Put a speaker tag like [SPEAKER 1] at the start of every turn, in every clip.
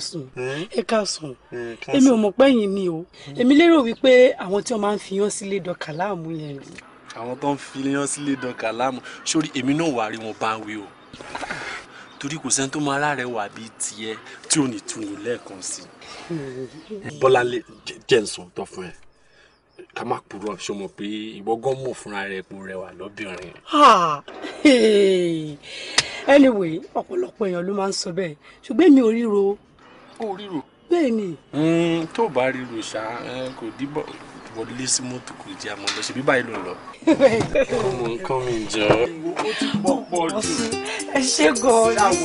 [SPEAKER 1] sùn ẹ káàsùn èmi ò mọ̀ pẹ́yìn ni o èmi lérò wípé àwọn tí wọ́n máa ń fi yán sílé dọ̀kà láàmú yẹn rí.
[SPEAKER 2] àwọn tó ń fi yán sílé dọ̀kà láàmú sórí èmi náà wà rí wọn bá wí o torí kò sẹ́ni tó máa láàrẹ̀ wà bíi tiẹ̀ tí ò ní tunu lẹ́ẹ̀kan sí
[SPEAKER 3] i.
[SPEAKER 2] bọ́láńlé jẹ́ nsọ tọ́ fún ẹ ká má purọ́ ṣe mọ̀ pé ìwọ gan mọ̀ fúnra rẹ epo rẹwà lọ́bìnrin.
[SPEAKER 1] anyway ọ̀pọ̀lọpọ̀ èèyàn ló máa ń sọ bẹ́ẹ̀ ṣùgbọ́n mi ò ríro pé o ríro. bẹ́ẹ̀ni.
[SPEAKER 2] Hmm, tó o bá ríro ṣá eh, kò díbọ̀ wọlé sí mọ́tò kò jẹ́ àmọ́ lọ ṣèbí báyìí ló lọ. ọmọ nǹkan mi jọ.
[SPEAKER 1] o ti pọ̀ pọ̀ jù. ẹ ṣe gan-an.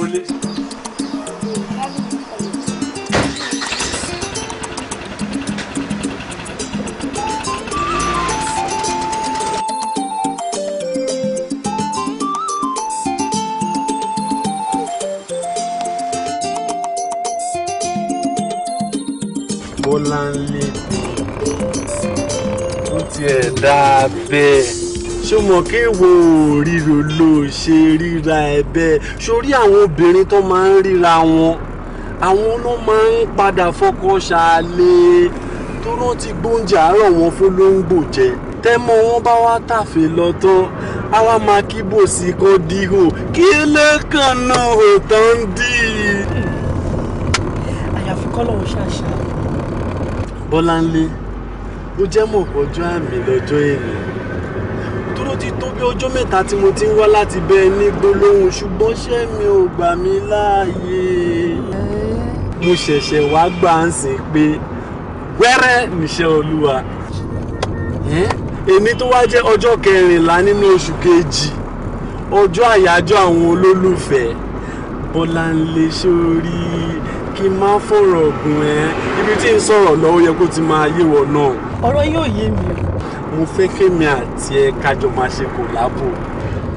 [SPEAKER 2] dábẹ́ ṣé mo kí wo ríro ló ṣe ríra ẹ̀bẹ̀ sórí àwọn obìnrin tó máa ń ríra wọn àwọn ló máa ń padà fọkọ ṣàlè tó rántí gbóúnjẹ àárọ̀ wọn fún lóńgbò jẹ tẹ́mọ̀ wọn bá wá tàfé lọ tán wá máa kí bò kó díhò kí lẹ́kàn náà ò tán dì
[SPEAKER 4] í. Hmm. àyàfi kọ́ lọ́wọ́ ṣáṣá.
[SPEAKER 2] Bọ́láńlé ó jẹ́ mọ̀ pọ̀jù àmì lọ́jọ́ èmi dúró ti tó bí ọjọ́ mẹ́ta tí mo ti ń wá láti bẹ ẹ ní gbólóhùn ṣùgbọ́n ṣé mi ò gbà mí láàyè mo ṣẹ̀ṣẹ̀ wá gbà ń sìn pé wẹ́rẹ́ níṣẹ́ olúwa èmi tó wá jẹ́ ọjọ́ kẹrìnlá nínú oṣù kejì ọjọ́ àyájọ́ àwọn olólùfẹ́ Bọ́láńlé sórí kí n má fọ̀rọ̀ gùn ẹ́ ibi tí n sọ̀rọ̀ lọ́wọ́ yẹ kó ti máa yéwọ̀ náà
[SPEAKER 1] ọ̀rọ̀ yóò yé mi o.
[SPEAKER 2] mo fẹ́ kémi àti ẹ kájọ máa ṣe kòlábò.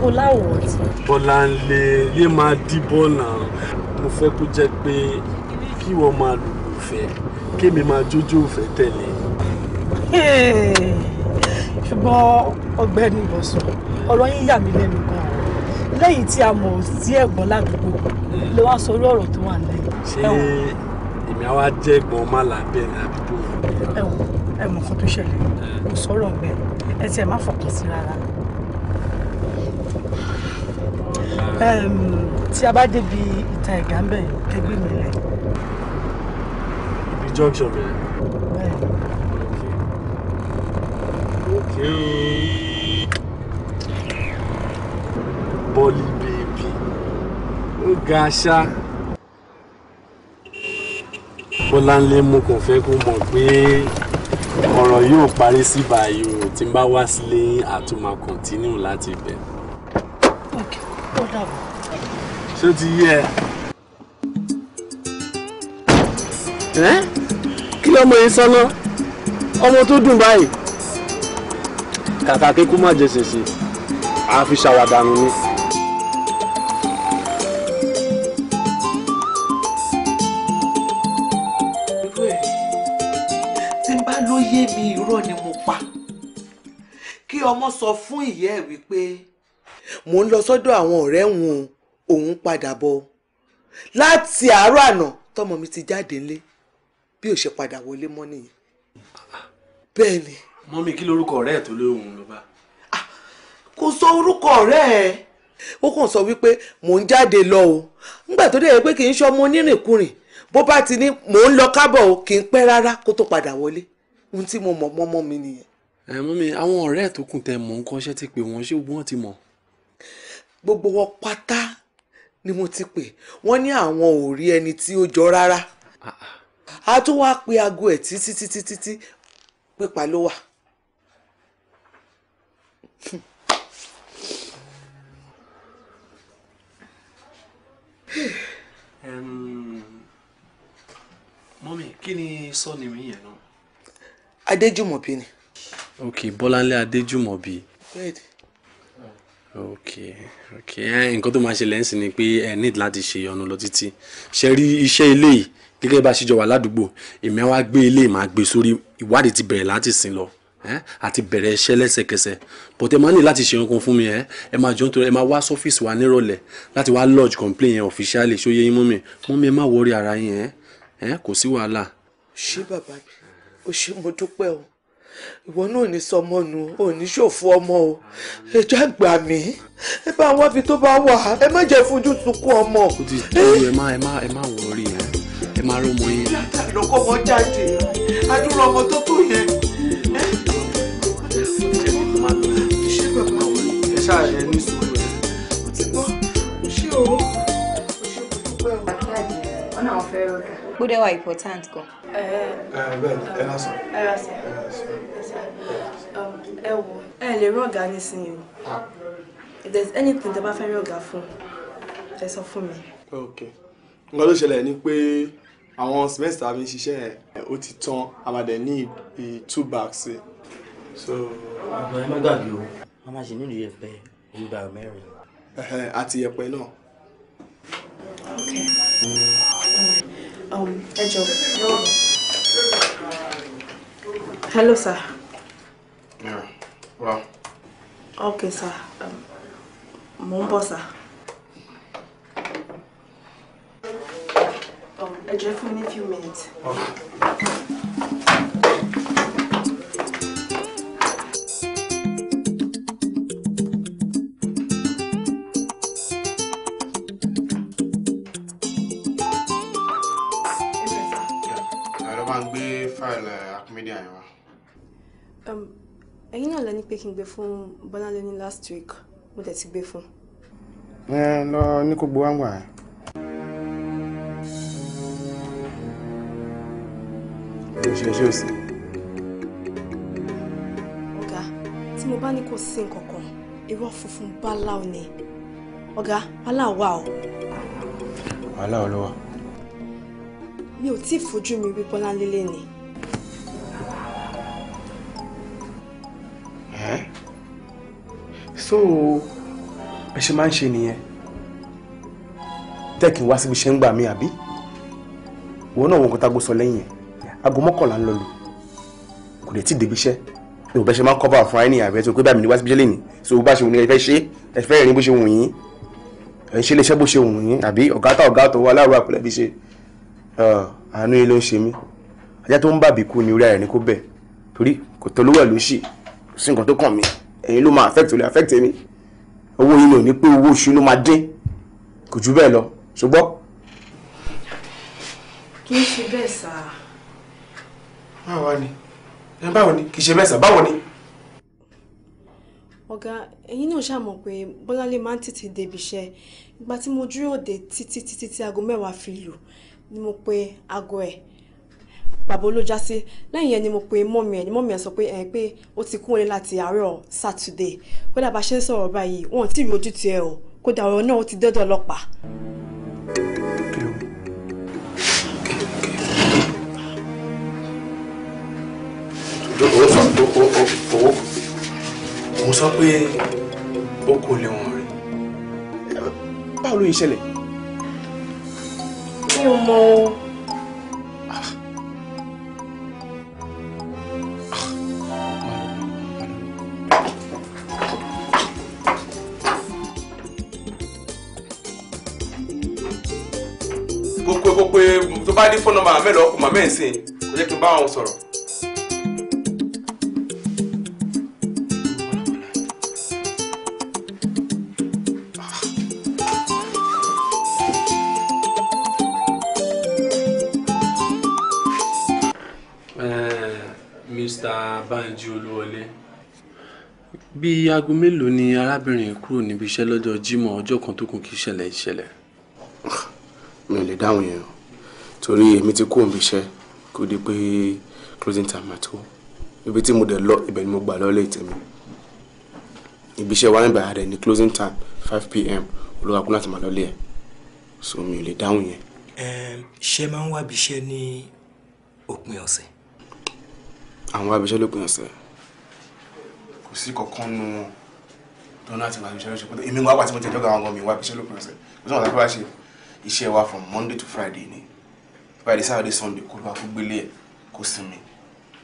[SPEAKER 4] kòláwọ̀ ti.
[SPEAKER 2] Bọ́láńlé yé máa dìbò náà mo fẹ́ kó jẹ́ pé kí wọ́n máa lùlù fẹ́ kémi máa jójó fẹ́ tẹ̀lé.
[SPEAKER 1] ṣùgbọ́n ọ̀gbẹ́ni ìbọ̀sùn ọ̀rọ̀ yín yà mí lẹ́nu gan-an lẹ́yìn tí a mọ̀ sí ẹ̀gbọ́n ládùúgbò ló wá sọ orí ọ̀rọ̀ tó wà lẹ́yìn. ṣé
[SPEAKER 2] èmi àwa jẹ́ ẹ̀gbọ́n má làbẹ́ ní àdúgbò.
[SPEAKER 1] ẹ̀wọ̀n ẹ mọ nǹkan tó ṣẹlẹ̀ kò sọ̀rọ̀ ọ̀gbẹ́ ẹ tiẹ̀ má fọkàn sí rárá tí a bá débi ìta ẹ̀gá ń bẹ̀ kẹgbẹ́ mi lẹ̀.
[SPEAKER 2] ibi junction bẹ̀rẹ̀. bẹ́ẹ̀ òkè o bọ́ọ̀lì bèbí ó ga ṣá. bọ́láńlé mo kàn fẹ́ kó mọ̀ pé ọ̀rọ̀ yóò parí sí báyìí o tí n bá wá sílé àtúmọ̀ kọ̀ntínú láti bẹ̀. ṣé ti yé ẹ. kí lọ́mọ yìí sọ́nà ọmọ tó dùn báyìí kàkà kíkú má jẹ ṣèṣe àfi ṣàwàdànù ni. ọmọ sọ fún ìyá ẹ̀ wípé mò ń lọ sọ́dọ̀ àwọn ọ̀rẹ́ òun òun padà bọ̀ láti àárọ̀ àná tọmọ mi ti jáde ńlé bí ò ṣe padà wọlé mọ́ nìyẹn bẹ́ẹ̀ ni. mọ́mí kí lorúkọ ọ̀rẹ́ ẹ̀ tó lóhùn ló bá. Ah, kò sọ orúkọ ọ̀rẹ́ ẹ̀ ó kàn sọ wípé mò ń jáde lọ o nígbà tó dẹ̀ pé kì í ṣọmọ onírìnkùnrin bó bá ti ní mò ń lọ kábọ̀ o kì í pẹ́ rárá kó tó padà wọlé ohun tí mo mọ̀ mọ́mọ́ mi nìyẹn ẹ mọ́mí àwọn ọ̀rẹ́ tó kù tẹ mọ̀ ń kọ́ṣẹ́ ti pè wọ́n ṣé wọ́n ti mọ̀. gbogbo wọn pátá ni mo ti pè wọ́n ní àwọn ò rí ẹni tí ó jọ rárá ah, ah. a tún wáá pe aago ẹ̀ títí títí títí pípa ló wà. mọ́mí kí ni sọ́ọ̀nì mi yẹn náà. adéjùmọ̀bí ni okay bọ́láńlé adéjùmọ̀bí okay okay nǹkan tó máa ṣe lẹ́yìn sí ni pé ẹ need láti ṣe ìyọnu lọ títí ṣe rí iṣẹ́ ilé yìí gẹ́gẹ́ bá a ṣe jọ wà ládùúgbò èmi wá gbé ilé màá gbé sórí ìwádìí ti bẹ̀rẹ̀ láti sìn lọ àti bẹ̀rẹ̀ iṣẹ́ lẹ́sẹ̀kẹsẹ̀ but ẹ máa ní láti ṣe nǹkan fún mi ẹ ẹ máa jọ nítorí ẹ máa wá sọ́fíìsì wa nírọ̀lẹ́ láti wá lodge complain yẹn officially ṣó yẹ yín mú mi mú mi ẹ má wọrí ara yín ẹ kò sí wàhálà. ṣé bàbá mi ò ṣe mo dúpẹ́ o ìwọ náà ní sọmọnù ò ní ṣòfò ọmọ o ẹ jẹ́ gbà mí ẹ bá wá fi tó bá wà ẹ má jẹ́ fojú sunkún ọmọ. ó ti tó ẹ má ẹ má ẹ má wọ orí ẹ ẹ má rọmọ yẹn. yàtà
[SPEAKER 1] lọkọ wọn jáde adúrò ọmọ tó tó yẹn.
[SPEAKER 3] ṣé bàbá wọn ẹ ṣáà ẹ ní sùúrù ẹ
[SPEAKER 5] ó ti gbọ́ ṣé o ṣé o dúpẹ́ o. wọn náà fẹ́
[SPEAKER 4] rọgà. gbọ́dọ̀ wà important gan. ẹ
[SPEAKER 2] ẹ bẹ́ẹ̀ ni ẹ lásán.
[SPEAKER 4] ẹ lásán ẹ wò ẹ lè rí you. nísìnyí ah. if there's anything that bá fẹ́ rí ọ̀gá fún ẹ sọ me. Okay. ok
[SPEAKER 2] nǹkan ló ṣẹlẹ̀ ni pé àwọn semester mi ṣiṣẹ́ ẹ̀ ó ti tán àmàdẹ̀ ní two bags so. ọ̀gbọ́n ẹ má gbàgbé o you máa ṣe nílùú yẹpẹ olùgbà mẹ́rin. àti yẹpẹ náà.
[SPEAKER 3] ok
[SPEAKER 4] um, ẹ jọ. hello sir. Wow. Okay, sir. Um, mo ń bọ̀, sir. Um, ẹ jẹ́ fún
[SPEAKER 3] mi few minutes. Okay.
[SPEAKER 4] pé kí n gbé fún Bọ́láńlé ní last week mo dẹ̀ ti gbé fún.
[SPEAKER 2] ẹ lọ ní kó gbowó àwọn àyà. ṣe ò sí.
[SPEAKER 4] ọ̀gá tí mo bá ní kò sí nǹkan kan irọ́ funfun báláwo ni ọ̀gá wàhálà wà o. wàhálà olówó. mi ò tí ì fojú mi rí Bọ́láńlé lé ni.
[SPEAKER 2] so ẹ ṣe máa ń ṣe nìyẹn tẹ́kì wá síbi ṣe ń gbà mí àbí òun náà wọn kò tágbó sọ lẹ́yìn ẹ̀ aago mọ́kànlá ń lọ lù kò dẹ̀ tí ì débi iṣẹ́ ní òbẹ́ ṣe máa ń kọ́bà fún àìní àbẹ́ tó pé bá mi ní wá síbi iṣẹ́ lè ní so bá ṣe wù ní ẹ fẹ́ ṣe ẹ fẹ́ rìn bó ṣe wù yín ẹ ṣe lè ṣe bó ṣe wù yín àbí ọ̀gá tá ọ̀gá tó wà láàrú àpẹlẹ bí ṣe àánú yín ló ń ṣe mí ajá tó ń bàbí kú ni orí ara ẹ̀ kó bẹ̀ torí kò tolówó ẹ̀ ló sí nǹkan tó kàn mí ẹ̀yin ló máa affect olè affect èmi owó yìí ò ní pé owó oṣù ló máa dín kò jù bẹ́ẹ̀ lọ ṣùgbọ́n.
[SPEAKER 4] kì í ṣe bẹ́ẹ̀ sà.
[SPEAKER 2] báwo ni báwo ni kì í ṣe bẹ́ẹ̀ sà báwo ni.
[SPEAKER 4] ọ̀gá ẹ̀yin náà ṣàmọ̀ pé bọ́láńlé máa ń tètè débi iṣẹ́ ìgbà tí mo dúró dé títí títí tí aago mẹ́wàá fi lù ni mo pe aago ẹ̀ bàbá ló já sí lẹ́yìn yẹn ni mo pe mọ́mì ẹ̀ ni mọ́mì ẹ̀ sọ pé ẹ̀ pé ó ti kúrò láti àárọ̀ sátidé kódà bá ṣe ń sọ̀rọ̀ báyìí wọn ò tí ì rí ojú tiẹ̀ o kódà ọ̀rọ̀ náà ó ti dọ́dọ̀ ọlọ́pàá.
[SPEAKER 2] mo sọ pé ó kò lè wọ̀n rí báwo ló yẹ ṣẹlẹ̀.
[SPEAKER 4] mi ò mọ o.
[SPEAKER 2] wá dé fóònù nọ́mbà ọkùnrin màmá ẹ̀ sìn kò jẹ́ kí n bá wọn sọ̀rọ̀. Eh, bí aago mélòó ni arábìnrin kúrò níbi iṣẹ́ lọ́jọ́ Jímọ̀ ọjọ́ kan tó kù kí ìṣẹ̀lẹ̀ ìṣẹ̀lẹ̀. mi ò lè dáhùn yẹn o torí èmi ti kú òǹbí iṣẹ́ kó di pé closing time àti ó ibi tí mo dẹ̀ lọ ibẹ̀ ni mo gbà lọ́lẹ̀ tèmi ibi iṣẹ́ wa nígbà rẹ̀ ní closing time five pm olúwa kú láti máa lọ́lẹ̀ ẹ̀ so mi ò lè dáhùn yẹn.
[SPEAKER 6] ṣé máa ń wábi iṣẹ́ ní òpin ọ̀sẹ̀.
[SPEAKER 2] àwọn wábi iṣẹ́ lópin ọ̀sẹ̀
[SPEAKER 6] kò sí kankan nu wọn lọ́nà àti wábi iṣẹ́ lóṣù kó èmi wá pàtí mo
[SPEAKER 2] ti dọ́gba àwọn ọmọ mi wábi iṣẹ́ lópin ọ̀sẹ̀ kó tó wọn láti wá ṣe iṣẹ́ wa from monday to friday ni friday saturday sunday kó lọ́wọ́ kó gbélé ẹ̀ kó sinmi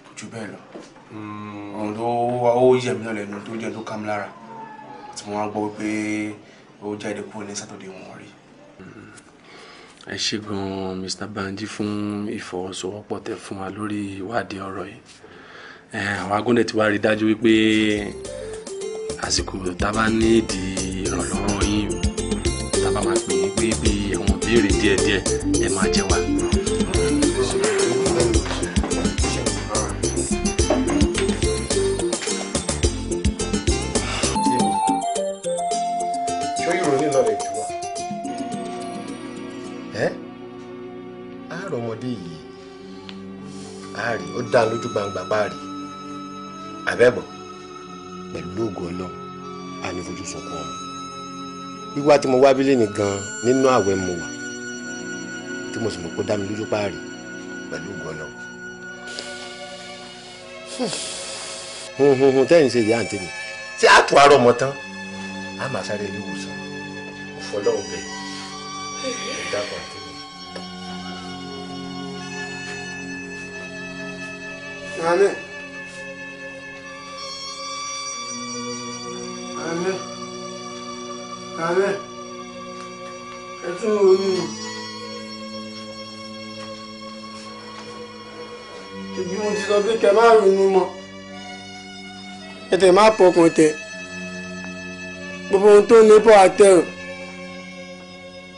[SPEAKER 2] kó ju bẹ́ẹ̀ lọ.
[SPEAKER 3] Hmm.
[SPEAKER 2] ohun tó ó yẹ mí náà lẹ́nu tó jẹ́ tó ká mi lára tí mo wá gbọ́ pé ó jáde kúrò ní saturday wọn rí. Hmm. ẹ ṣe gan-an mr banji fún ìfọwọ́sowọ́pọ̀ tẹ fún wa lórí ìwádìí ọ̀rọ̀ yìí àwọn agúndẹ̀ ti wá rí dájú wípé àsìkò tá a ìrànlọ́wọ́ yín tá máa pè é pé bí ẹ̀wọ̀n béèrè díẹ̀díẹ̀ ẹ máa jẹ wá. àárí ó dá lójú gbangba páàrí àbẹ́bọ̀. pẹ̀lú ògùn ọlọ́run a ní fojú sunkún ọmọ wíwá tí mo wá bílẹ̀ nìkan nínú àwẹ̀ mo wà tí mo sì mọ̀ pé ó dá mi lójú páàrí pẹ̀lú ògùn ọlọ́run. hunhunhun tẹ́yìn ṣe ìyá àǹtí mi
[SPEAKER 7] tí a tún arọ ọmọ
[SPEAKER 2] tán a máa sáré ilé ìwòsàn
[SPEAKER 7] òfò ọlọ́run bẹ́ẹ̀ ẹ̀ dákọ̀ Anne. Anne. Anne. Ẹ tún ronú. Ibi mo ti sọ pé kẹ má ronú mọ́. Ẹ tẹ̀ má pọkàn tẹ̀. Gbogbo ohun tó ní pọ̀ àtẹ̀rù.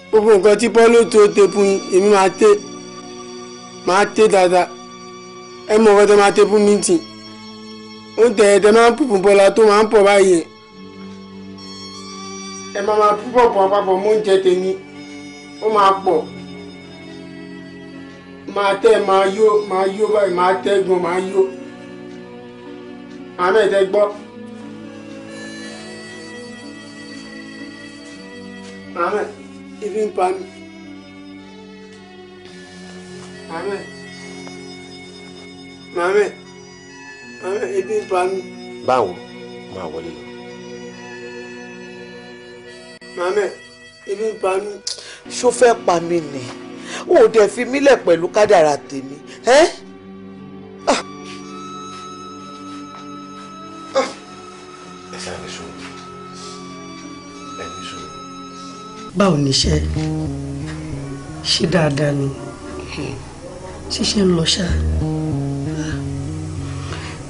[SPEAKER 7] Gbogbo nǹkan tí Pọ́lù tó tẹ̀ fún yín, èmi máa tẹ̀. Máa tẹ̀ dáadáa ẹ mọ̀ ọ̀fẹ́ tẹ́ máa tẹ́ fún mítìn ó tẹ̀ ẹ̀ tẹ́ máa ń pùpù bọ́lá tó máa ń pọ̀ báyìí ẹ máa máa púpọ̀
[SPEAKER 2] pọ̀ àpapọ̀ mọ́ oúnjẹ tèmi ó máa pọ̀
[SPEAKER 7] máa tẹ́ máa yó máa yó báyìí máa tẹ́ gan máa yó àmì ẹ̀tẹ́ gbọ́ àmì ibi mi àmì. Màmẹ́, màmẹ́ ebi ń pa mí. Báwo máa wọlé lọ? Màmẹ́, ebi ń pa mí.
[SPEAKER 2] Ṣó fẹ́ pa mí ni? O ò dẹ̀ fi mílẹ̀ pẹ̀lú kádàrà tèmi. Ẹ́. Ah!
[SPEAKER 1] Ah! báwo níṣẹ́ ṣe dáadáa ni hmm. ṣíṣe ń lọ ṣáá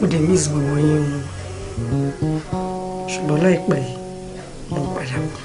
[SPEAKER 1] mo dẹ̀ miss gbogbo yín o ṣùgbọ́n láìpẹ́ mo padà bọ̀.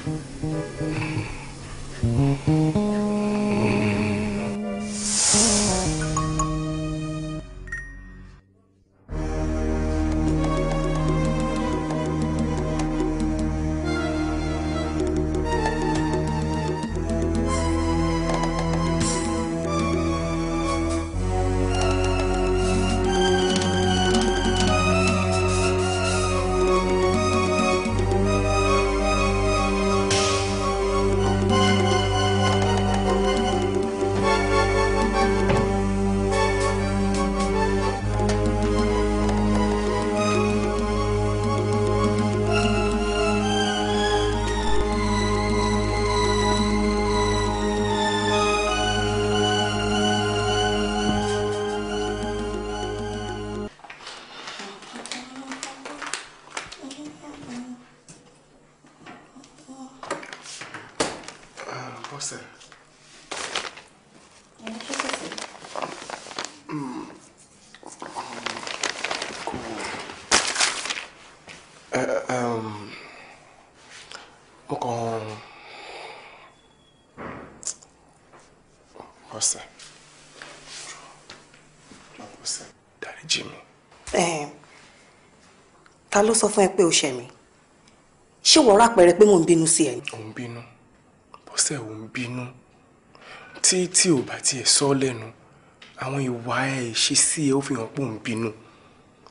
[SPEAKER 2] Hafsa. mo kàn Hafsa Hafsa
[SPEAKER 5] dáríjì mi. ta ló sọ fún ẹ pé o ṣẹ̀ mí ṣé wọ́n rà pẹ̀rẹ̀ pé mò ń bínú sí ẹ. ò
[SPEAKER 2] tí tí ò bá tiẹ̀ sọ lẹ́nu àwọn ìwà ẹ̀ ìṣesí ẹ̀ ó fi hàn pé òun bínú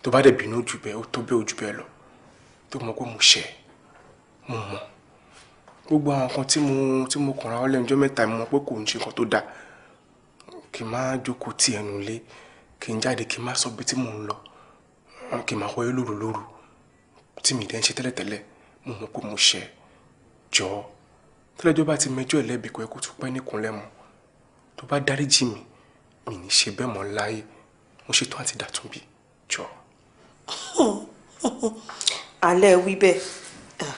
[SPEAKER 2] tó bá dẹ̀ bínú jù bẹ́ẹ̀ ó tó bẹ́ẹ̀ ojú bẹ́ẹ̀ lọ tó mọ̀ pé mo ṣẹ̀ mo mọ̀ gbogbo àwọn kan tí mo tí mo kàn ra ọ lẹ́nu jọ́ mẹ́ta mo mọ̀ pé kò ń ṣe nǹkan tó dáa kì í má jókòó ti ẹnu lé kì í jáde kì í má sọ bí tí mò ń lọ kì í má wọlé lóru lóru tí mi dẹ́ ń ṣe tẹ́lẹ̀tẹ́lẹ̀ mo mọ̀ pé mo ṣẹ̀ jọ́ tẹ́lẹ̀jọ́ bá ti mẹjọ́ ẹ̀ lẹ́bi kọ́ ẹ kó tún pẹ́ níkùnlẹ̀ mọ́ tó bá dáríjì mi mi ní ṣe bẹ́ẹ̀ mọ́ láyé mo ṣetán àti dàtúnbí jọ.
[SPEAKER 5] alẹ́ wí bẹ́ẹ̀ eh,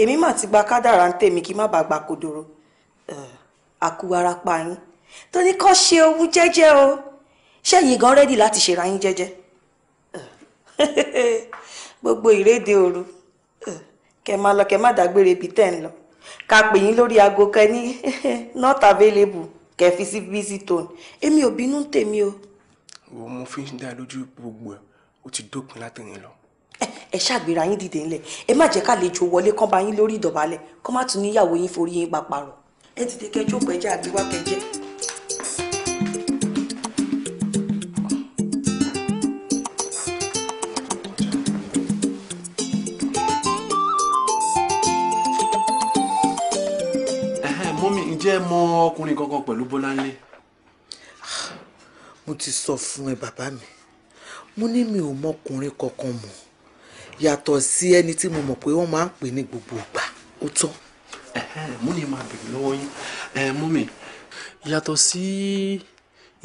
[SPEAKER 5] èmi mà ti gba kádàrá ń tèmi kí má bàa gba kodoro àkúwarapá eh, yín tó ní kọ́ ṣe owú jẹ́jẹ́ o ṣẹ́yìn gan rẹ́dì láti ṣèrà yín jẹ́jẹ́
[SPEAKER 1] eh,
[SPEAKER 5] gbogbo ìrédè òru kẹ máa lọ kẹ má dágbére ibi tẹ́ ń lọ ká pè yín lórí aago kẹ ní not available kẹ́ fi sí busy tone èmi ò bínú ń tèmi o. wo mo fi ń dá lójú gbogbo ẹ ó ti dópin látẹ̀yìn lọ. ẹ ṣàgbéra yín dìde ńlẹ̀ ẹ má jẹ́ kálejò wọlé kán bá yín lórí ìdọ̀bálẹ̀ kán má tún níyàwó yín forí yín pa ẹ dìde kẹjọ pẹjẹ àgbéwá kẹjẹ.
[SPEAKER 2] ẹ mọ ọkùnrin kankan pẹ̀lú Bọ́láńlé. Ah, mo ti sọ fún ẹ bàbá mi mo ní mi ò mọkùnrin kankan mọ̀ yàtọ̀ sí ẹni tí mo mọ̀ pé wọ́n máa ń pè ní gbogbo ìgbà ó tán. mo ní máa bèrè lọ́wọ́ yín mọ́mì yàtọ̀ sí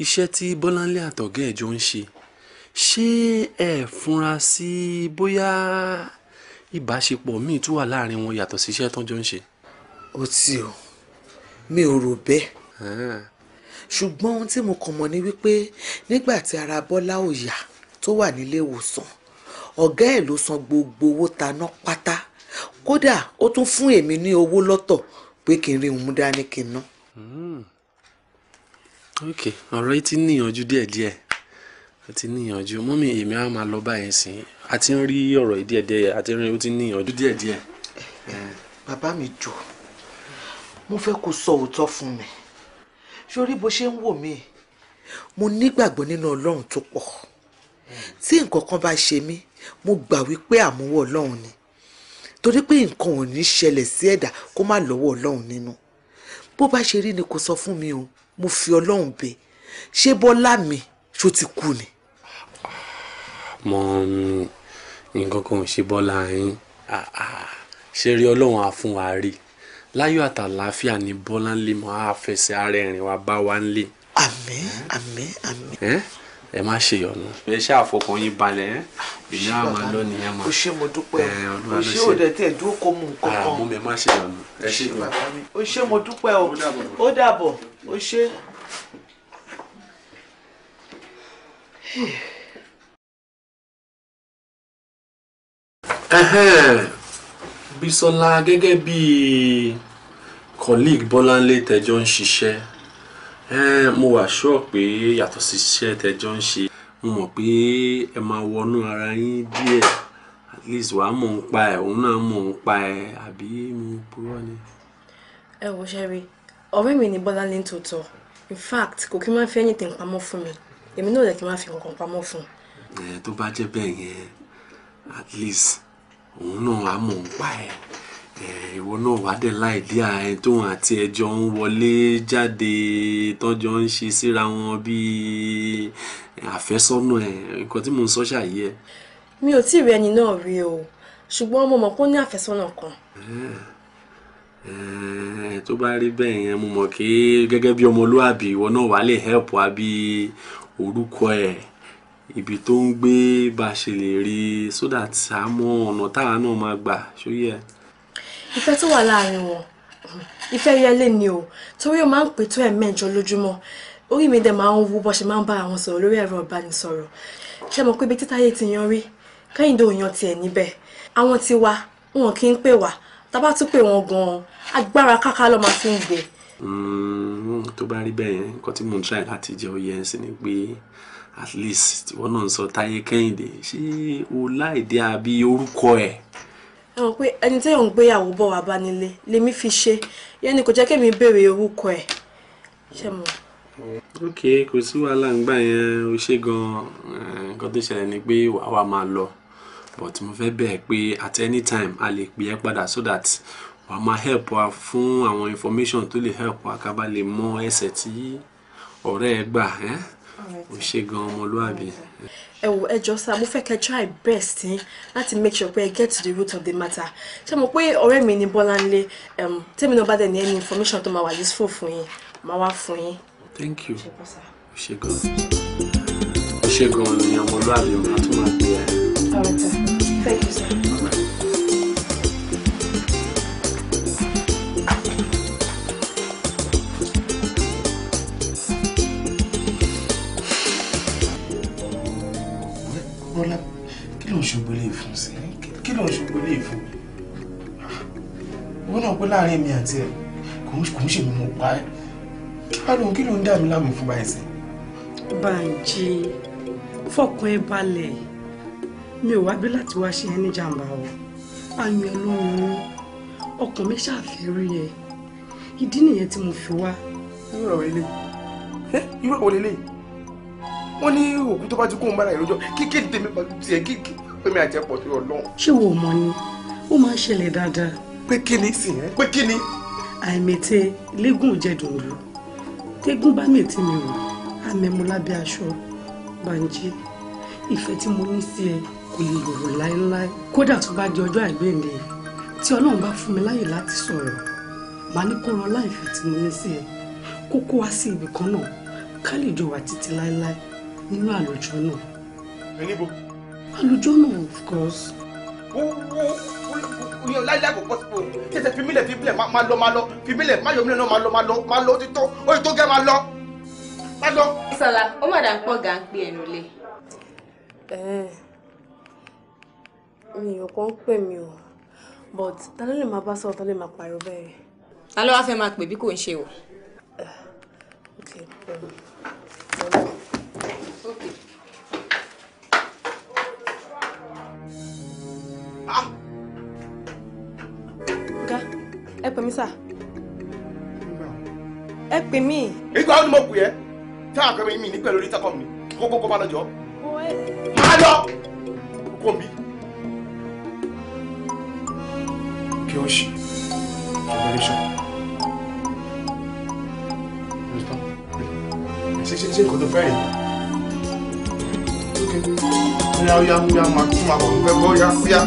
[SPEAKER 2] iṣẹ́ tí Bọ́láńlé àtọ̀gá ẹ̀ jọ ń ṣe ṣé ẹ fúnra sí bóyá ìbáṣepọ̀ míì tún wà láàrin wọn yàtọ̀ sí iṣẹ́ tó ń jọ ń ṣe. ó ti o mi ò rò bẹ́ẹ̀ ah. ṣùgbọ́n ohun tí mo kàn mọ̀ ni wípé nígbà tí ara Bọ́lá ò yá tó wà nílé ìwòsàn ọ̀gá ẹ̀ ló san gbogbo owó taná pátá kódà ó tún fún èmi ní owó lọ́tọ̀ pé kí n rí òun dání kí n ná. Hmm. ok ọ̀rọ̀ yìí ti níyànjú díẹ̀díẹ̀ a ti níyànjú mọ́mí èmi á máa lọ báyìí sí i a ti ń rí ọ̀rọ̀ yìí díẹ̀díẹ̀ a ti ń níyànjú díẹ̀díẹ̀. bàbá mi jọ̀ọ́ mo fẹ́ kó sọ òótọ́ fún mi sórí bó ṣe ń wò mí mo nígbàgbọ́ nínú ọlọ́run tó pọ̀ tí nǹkan kan bá ṣe mí mo gbà wípé àmúwọ́ ọlọ́run ni torí pé nǹkan ò ní ṣẹlẹ̀ sí ẹ̀dá kó má lọ́wọ́ ọlọ́run nínú bó bá ṣe rí ni kò sọ fún mi o mo fi ọlọ́run bẹ̀ ṣé bọ́lá mi ṣó ti kú ni. mo nǹkan kan ò ṣe bọ́lá yín ah, ah, ṣe rí ọlọ́run á fún wa rí i láyọ̀ àtàlàáfíà ni bọ́láńlé máa fẹsẹ̀ ara ẹ̀rìn wa bá wa ńlé. àmín
[SPEAKER 7] àmín àmín.
[SPEAKER 2] ẹ ẹ má ṣe yọnu. ẹ ṣe àfọkàn yín balẹ̀ ẹ ìyá àmà lónìí ẹ mọ̀. o ṣé mo dúpẹ́ o ṣé ò dẹ̀ tẹ̀ dúró kó mu nǹkan kan. àmú mi má ṣe yọnu ẹ ṣe yọnu. o ṣé mo dúpẹ́ o ó dàbọ̀ o ṣé.
[SPEAKER 3] ẹhẹ́n. Bísọ́lá gẹ́gẹ́ bí
[SPEAKER 2] colleague Bọ́láńlé tẹjọ́ ń ṣiṣẹ́ mo wà sure pé yàtọ̀ sí iṣẹ́ tẹjọ́ ṣe mo mọ̀ pé ẹ máa wọnú ara yín díẹ̀ at least wàá mọ̀ ń pa ẹ̀ òun náà mọ̀ ń pa ẹ̀ àbí mo purọ́ ni.
[SPEAKER 4] ẹ wo ṣẹ́rí ọ̀rẹ́ mi ni Bọ́láńlé tòótọ́ in fact kò kí n máa fi anything pamọ́ fún mi èmi náà lè kí n máa fi nǹkan pamọ́ fún
[SPEAKER 2] un. tó bá jẹ́ bẹ́ẹ̀ yẹn at least òun náà á mọ̀ ń pa ẹ̀ ìwọ náà wà dé láì dí àyè tóun àti ẹjọ́ ń wọlé jáde tọ́jọ́ ń ṣe síra wọn bíi àfẹ́sọ́nà ẹ̀ nǹkan tí mò ń sọ ṣàyí ẹ̀.
[SPEAKER 4] mi ò tí ì rí ẹni náà rí o ṣùgbọ́n mo mọ̀ pé ó ní àfẹ́sọ́nà kan.
[SPEAKER 2] tó bá rí bẹ́ẹ̀ yẹn mo mọ̀ pé gẹ́gẹ́ bí ọmọlúàbí ìwọ náà wà lè help àbí orúkọ ẹ̀. E ibi tó ń gbé bá ṣe lè rí so that a mọ ọ̀nà táwa náà máa gbà ṣóyè.
[SPEAKER 4] ìfẹ́ tó wà láàrin wọn ìfẹ́ yẹlé ni o torí o máa ń pè tó ẹ̀mẹ́jọ lójúmọ́ orí mi dẹ̀ máa ń wú bó ṣe máa ń bá àwọn sọ̀rọ̀ lórí ẹ̀rọ ìbánisọ̀rọ̀ ṣe mọ̀ pé ibi títáyé ti yan rí kẹ́hìndé òyàn tiẹ̀ níbẹ̀ àwọn ti wa wọn kì í pè wá tábà tún pè wọn gan-an agbára káká ló máa fi ń gbé.
[SPEAKER 2] Hmm, tó bá rí bẹ́ẹ̀ yẹn nǹkan tí mò ń try láti jẹ́ oyè ẹ̀sìn ni pé at least ìwọ náà ń sọ táyé kẹ́hìndé ṣé o láìdí àbí orúkọ ẹ̀.
[SPEAKER 4] ẹ mọ̀ pé ẹni tẹ́yọ̀ ń gbéyàwó bọ̀ wá bá nílé lèmi fi ṣe yẹn ni kò jẹ́ kémi béèrè orúkọ ẹ̀ ṣe mọ̀.
[SPEAKER 2] ok kò sí wàhálà ńgbà yẹn o ṣe gan-an eh, nǹkan tó ṣẹlẹ̀ ni pé wàá wà máa lọ but mo fẹ́ bẹ̀ẹ́ pé at any time a lè pè ẹ́ padà so that wà á máa help wa fún àwọn information tó lè help wa ká bá lè mọ ẹsẹ̀ tí ọ̀rẹ́ ẹ gbà Eh? o ṣe gan ọmọlúàbí.
[SPEAKER 4] ẹ wo ẹjọ sá mo fẹ́ kẹ́ try best yín láti make sure pé ẹ get to the root of the matter ṣé mo pé ọ̀rẹ́ mi ní Bọ́láńlé um, tèmi náà bá dẹ̀ ní any information tó máa wà useful fún yín máa wá fún yín.
[SPEAKER 2] thank you o ṣe gan o ṣe gan ọmọlúàbí ọmọ tó máa gbé ẹ.
[SPEAKER 3] thank you sir.
[SPEAKER 6] ṣogbo lè
[SPEAKER 2] fún sí kí ló ń ṣogbo lè fún owó náà pé láàrin èmi àti ẹ
[SPEAKER 1] kò ń ṣèmi mo pa ẹ kí wàá lóhun kí ló ń dà mí láàmú fún báyìí sí. Bàǹjì fọkàn ẹ balẹ̀ mi ò wá láti wá ṣe ẹni jàǹbá o àyàn Ọlọ́run ọkàn mi ṣàfihàn yẹ ìdí nìyẹn tí mo fi wá. irú ọ̀rọ̀ ilé irú ọ̀rọ̀ ilé
[SPEAKER 2] wọ́n ní òkú tó bá ti kó ń bára ìrọ́jọ́ kí kéde tèmi pàtó tiẹ̀ kí kí pèmí àti ẹ̀pọ̀ tó
[SPEAKER 1] yọ lọ́wọ́. ṣé wo mọ ni ó máa ń ṣẹlẹ̀ dáadáa. pé kí ni sì ẹ́ pé kí ni. àìmètè lẹ́gùn jẹ̀dùn òru tẹ́gùn bá mètè mi rò àmẹ́mu lábẹ́ aṣọ Bánjí ìfẹ́ tí mo ní sí ẹ kò lè gbòòrò láéláé kódà tó bá di ọjọ́ àìgbéǹde tí Ọlọ́run bá fún mi láyè láti sọ̀rọ̀ màá ní kó rọ láìfẹ́ tí mo ní sí ẹ kó kó wá sí ibì kan náà ká lè jọ wà títí láéláé nínú àlòjọ náà. ẹ níbo olùjọ́ náà of course.
[SPEAKER 2] wo wo oyan láíláí kò pọ́sibú tètè fi mílẹ̀ fi mílẹ̀ máa lọ máa lọ fi mílẹ̀ má yọ mílẹ̀ náà máa lọ máa lọ máa lọ ó ti tó ó ti tó gẹ́ máa lọ máa lọ. sọlá
[SPEAKER 4] ó mà dà ń pọ̀
[SPEAKER 5] gà ń pè ẹnu lé.
[SPEAKER 4] mi ò kàn ń pè mí o but ta ló lè máa bá sọ̀rọ̀ ta ló lè máa pariwo bẹ́ẹ̀. ta ló wá fẹ́ máa pè bí kò ń ṣe o.
[SPEAKER 3] ok. Um, um.
[SPEAKER 4] mí sà. ẹ pè mí. ìgbà wo ni mo pè ẹ́ tí àwọn akẹ́kọ̀ọ́ mi ní
[SPEAKER 2] pẹ̀lú orí tẹ́kọ̀ọ́ mi kókó kó bá lọ jọ. máa lọ kó mi. kí o ṣe revelation. ṣe ṣe ṣe nǹkan tó fẹ́
[SPEAKER 7] yìí. ó yá ó yá ó yá máa tún máa kọ́ fẹ́ bọ́ yá ó yá.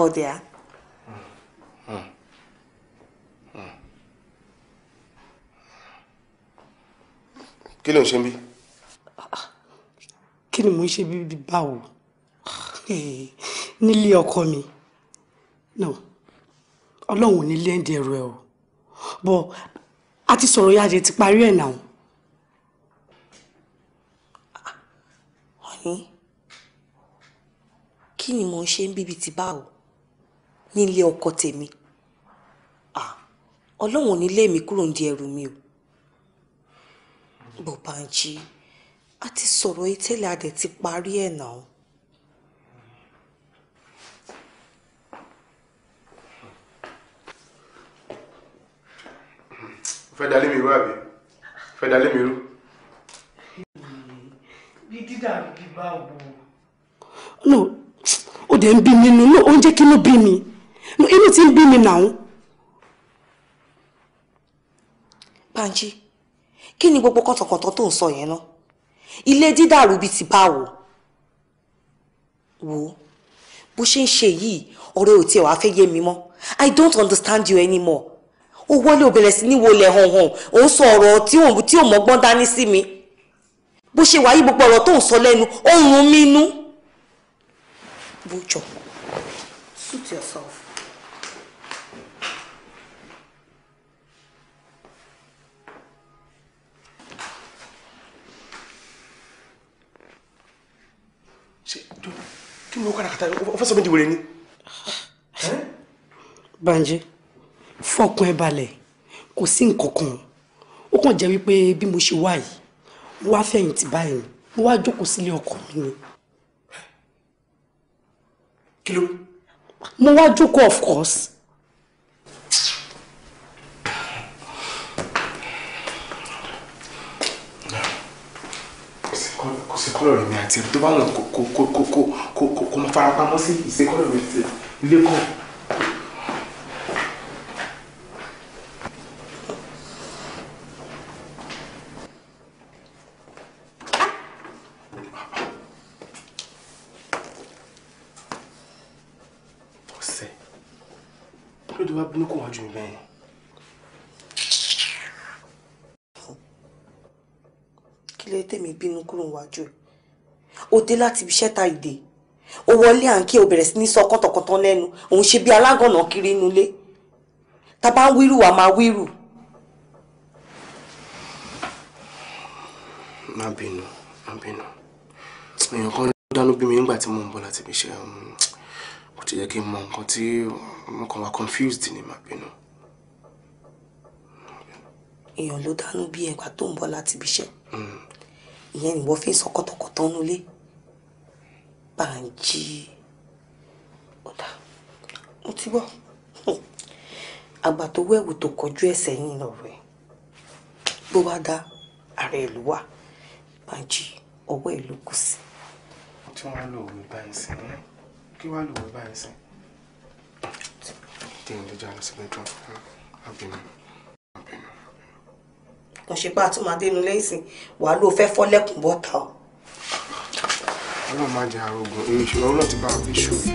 [SPEAKER 5] πόδια.
[SPEAKER 3] Mm. Mm.
[SPEAKER 2] Kí ló ń ṣe ń bí?
[SPEAKER 1] Kí ni mò ń ṣe bí báwo? Nílé ọkọ mi. Ọlọ́run ní lé ẹ̀ǹdẹ̀ ẹ̀rọ ẹ̀ Bọ̀ a ti sọ̀rọ̀ yáde ti parí ẹ̀ náà. Honey,
[SPEAKER 5] kí ni mò ṣe ń bíbi ti báwo? nílé ọkọ tèmi ọlọ́run ò ní lé mi kúrò ní ẹrù mi o bó bá ń jí a ti sọ̀rọ̀ ìtẹ́lẹ̀ adẹ̀ ti parí ẹ̀ náà.
[SPEAKER 2] fẹ́ dalé mi rú àbí fẹ́ dalé
[SPEAKER 1] mi rú. bí dídà bí bá wò. no ó dẹ̀ ń bí mi nínú ó ń jẹ́ kí inú bí mi inú ti ń bí mi nàún. Banji kí ni
[SPEAKER 5] gbogbo kọ̀tọ̀kọ̀tọ̀ tó ń sọ yẹn náà ilé dídàrú bíi ti báwo wò ó bó ṣe ń ṣe yìí ọ̀rẹ́ ò tiẹ̀ wá fẹ́ yé mi mọ́ I don't understand you anymore ó wọlé ò bẹ̀rẹ̀ sí ní wọlé hànhàn ò ń sọ ọ̀rọ̀ tí ò mọ́gbọ́n dání sí mi bó ṣe wáyé gbogbo ọ̀rọ̀ tó ń sọ lẹ́nu ó ń rún mí nú. bójọ suit yourself.
[SPEAKER 1] kí ni ó kàràkàtà o fẹ́ sọ mi di wèrè ni. Banji fọkàn ẹ balẹ̀ kò sí nǹkan kan ó kàn jẹ́ wípé bí mo ṣe wá yìí mo wá fẹ̀yìntì báyìí mo wá jókòó sílé ọkọ mi ni. kí mo wá jókòó of course
[SPEAKER 2] kọ́lọ̀ rẹ̀ mi àti ẹ̀ tó bá wọn kó kó kó kó kó kó kó kó máa fara pamọ́ sí ìṣe kọ́lọ̀ rẹ̀ ti ilé kọ́. ọ̀sẹ̀ ló dé wá
[SPEAKER 5] bínú kó wájú mi bẹ́ẹ̀. kí ló tẹ̀mí bínú kúrò wájú ẹ̀ ó dé láti ibi iṣẹ́ ta ìdè ó wọlé à ń kí o bẹ̀rẹ̀ sí ní sọ kọ́tọ̀kọ́tọ̀ lẹ́nu òun ṣe bí alágànná kiri nulé ta bá ń wírù wà máa wírù.
[SPEAKER 2] má bínú má bínú èèyàn kan dánú bí mi nígbà tí mò ń bọ̀ láti ibi iṣẹ́ hmm, kò ti jẹ́ kí n mọ nǹkan tí mo kàn wá confused ni
[SPEAKER 5] má bínú. èèyàn ló dánú bí ẹgbàá tó ń bọ̀ láti ibi iṣẹ́ hmm. ìyẹn ni wọ́n fi ń sọ kọ́tọ̀kọ́tọ̀ nulé. Bánjí ọ̀dà mo ti gbọ́ àgbà tó wẹ̀wù tó kọjú ẹsẹ̀ yìí lọ́rọ̀ ẹ̀ bó bá dá ààrẹ ìlú wà Bánjí ọwọ́ ìlú kù sí. tí wọ́n lò
[SPEAKER 2] wí báyìí sí kí wọ́n lò wí báyìí sí. díẹ̀ ló jáde sí bẹ́tọ̀ abinu
[SPEAKER 5] kò ṣe bá a tún máa dénú lẹ́yìn sí wàá ló fẹ́ fọ́ lẹ́kùn bọ́ta
[SPEAKER 2] ọlọ́run má jẹ́ arógun èyí ìṣòro ti bá fi ṣòro.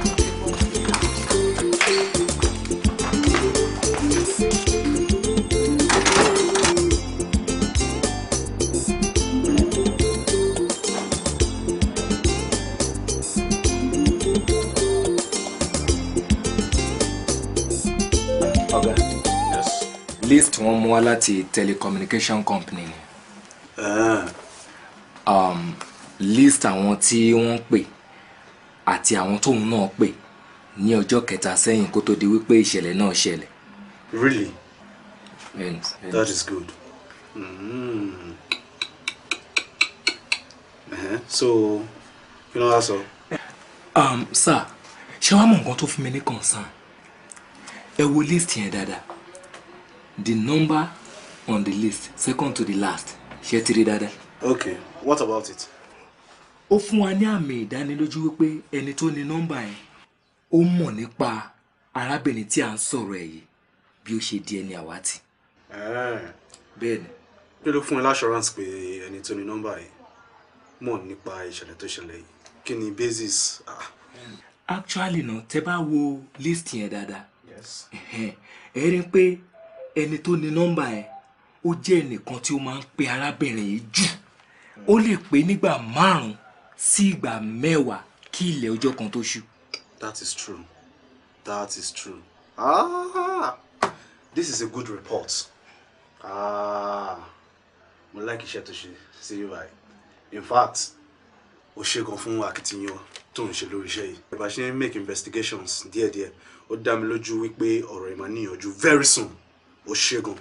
[SPEAKER 6] list wọn mú wá láti telecommunication company ni. Uh. Um, list àwọn tí wọ́n pè àti àwọn tóun náà pè ní ọjọ́ kẹta sẹ́yìn kó tó di wípé ìṣẹ̀lẹ̀ náà ṣẹlẹ̀. Really? Yes, yes. That is
[SPEAKER 2] good. Mm. Uh-huh. So, you know that's all.
[SPEAKER 6] Um, sir, ṣé wàá mọ nǹkan tó fún mi ní concern? Ẹ wo list yẹn dáadáa. The number on the list, second to the last, ṣé ti rí dáadáa? Okay, what about it? ó fún wa ní àmì ìdánilójú wípé ẹni tó ní nọ́mbà yẹn ó mọ̀ nípa arábìnrin tí a ń sọ̀rọ̀ ẹ̀ bí ó ṣe di ẹni àwátì. bẹ́ẹ̀ ni. kí ló fún ẹ láṣọ́ránsì
[SPEAKER 2] pé ẹni tó ní nọ́mbà yìí mọ̀ nípa ìṣẹ̀lẹ̀ tó ṣẹlẹ̀ yìí kí ni basis.
[SPEAKER 6] Ah. actually náà tẹ bá wo list yẹn dáadáa ẹ rí i pé ẹni tó ní nọ́mbà yẹn ó jẹ́ ẹnìkan tí ó máa ń pe arábìnrin yìí jù ó lè pè nígbà márùn-ún sí ìgbà mẹ́wàá kí ilẹ̀ ọjọ́ kan tó ṣú. that is true that is true
[SPEAKER 3] ah
[SPEAKER 2] this is a good report ah mo like iṣẹ́ tó ṣe sí yóò báyìí in fact ó ṣe gan fún akitiyan tó ń ṣe lórí iṣẹ́ yìí. ìbá ṣe ń make investigations díẹ̀díẹ̀ ó dá mi lójú wípé ọ̀rọ̀ ìmọ̀ níyànjú very soon ó ṣe gan.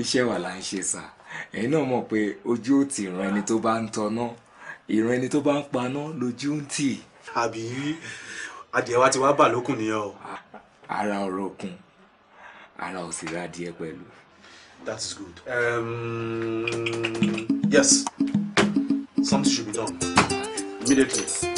[SPEAKER 6] iṣẹ́ wa la ń ṣe sà ẹ̀yin náà mọ̀ pé ojú ò tí ì ran ẹni tó bá ń tọ́ náà ìran ẹni tó bá ń paná lójú ń tì. àbí adìẹ wa ti wá bà lókun nìyẹn o. ara ọ̀rọ̀ kun ara ò sì ra adìẹ pẹ̀lú.
[SPEAKER 2] that is good. Um, yes something should be done immediately.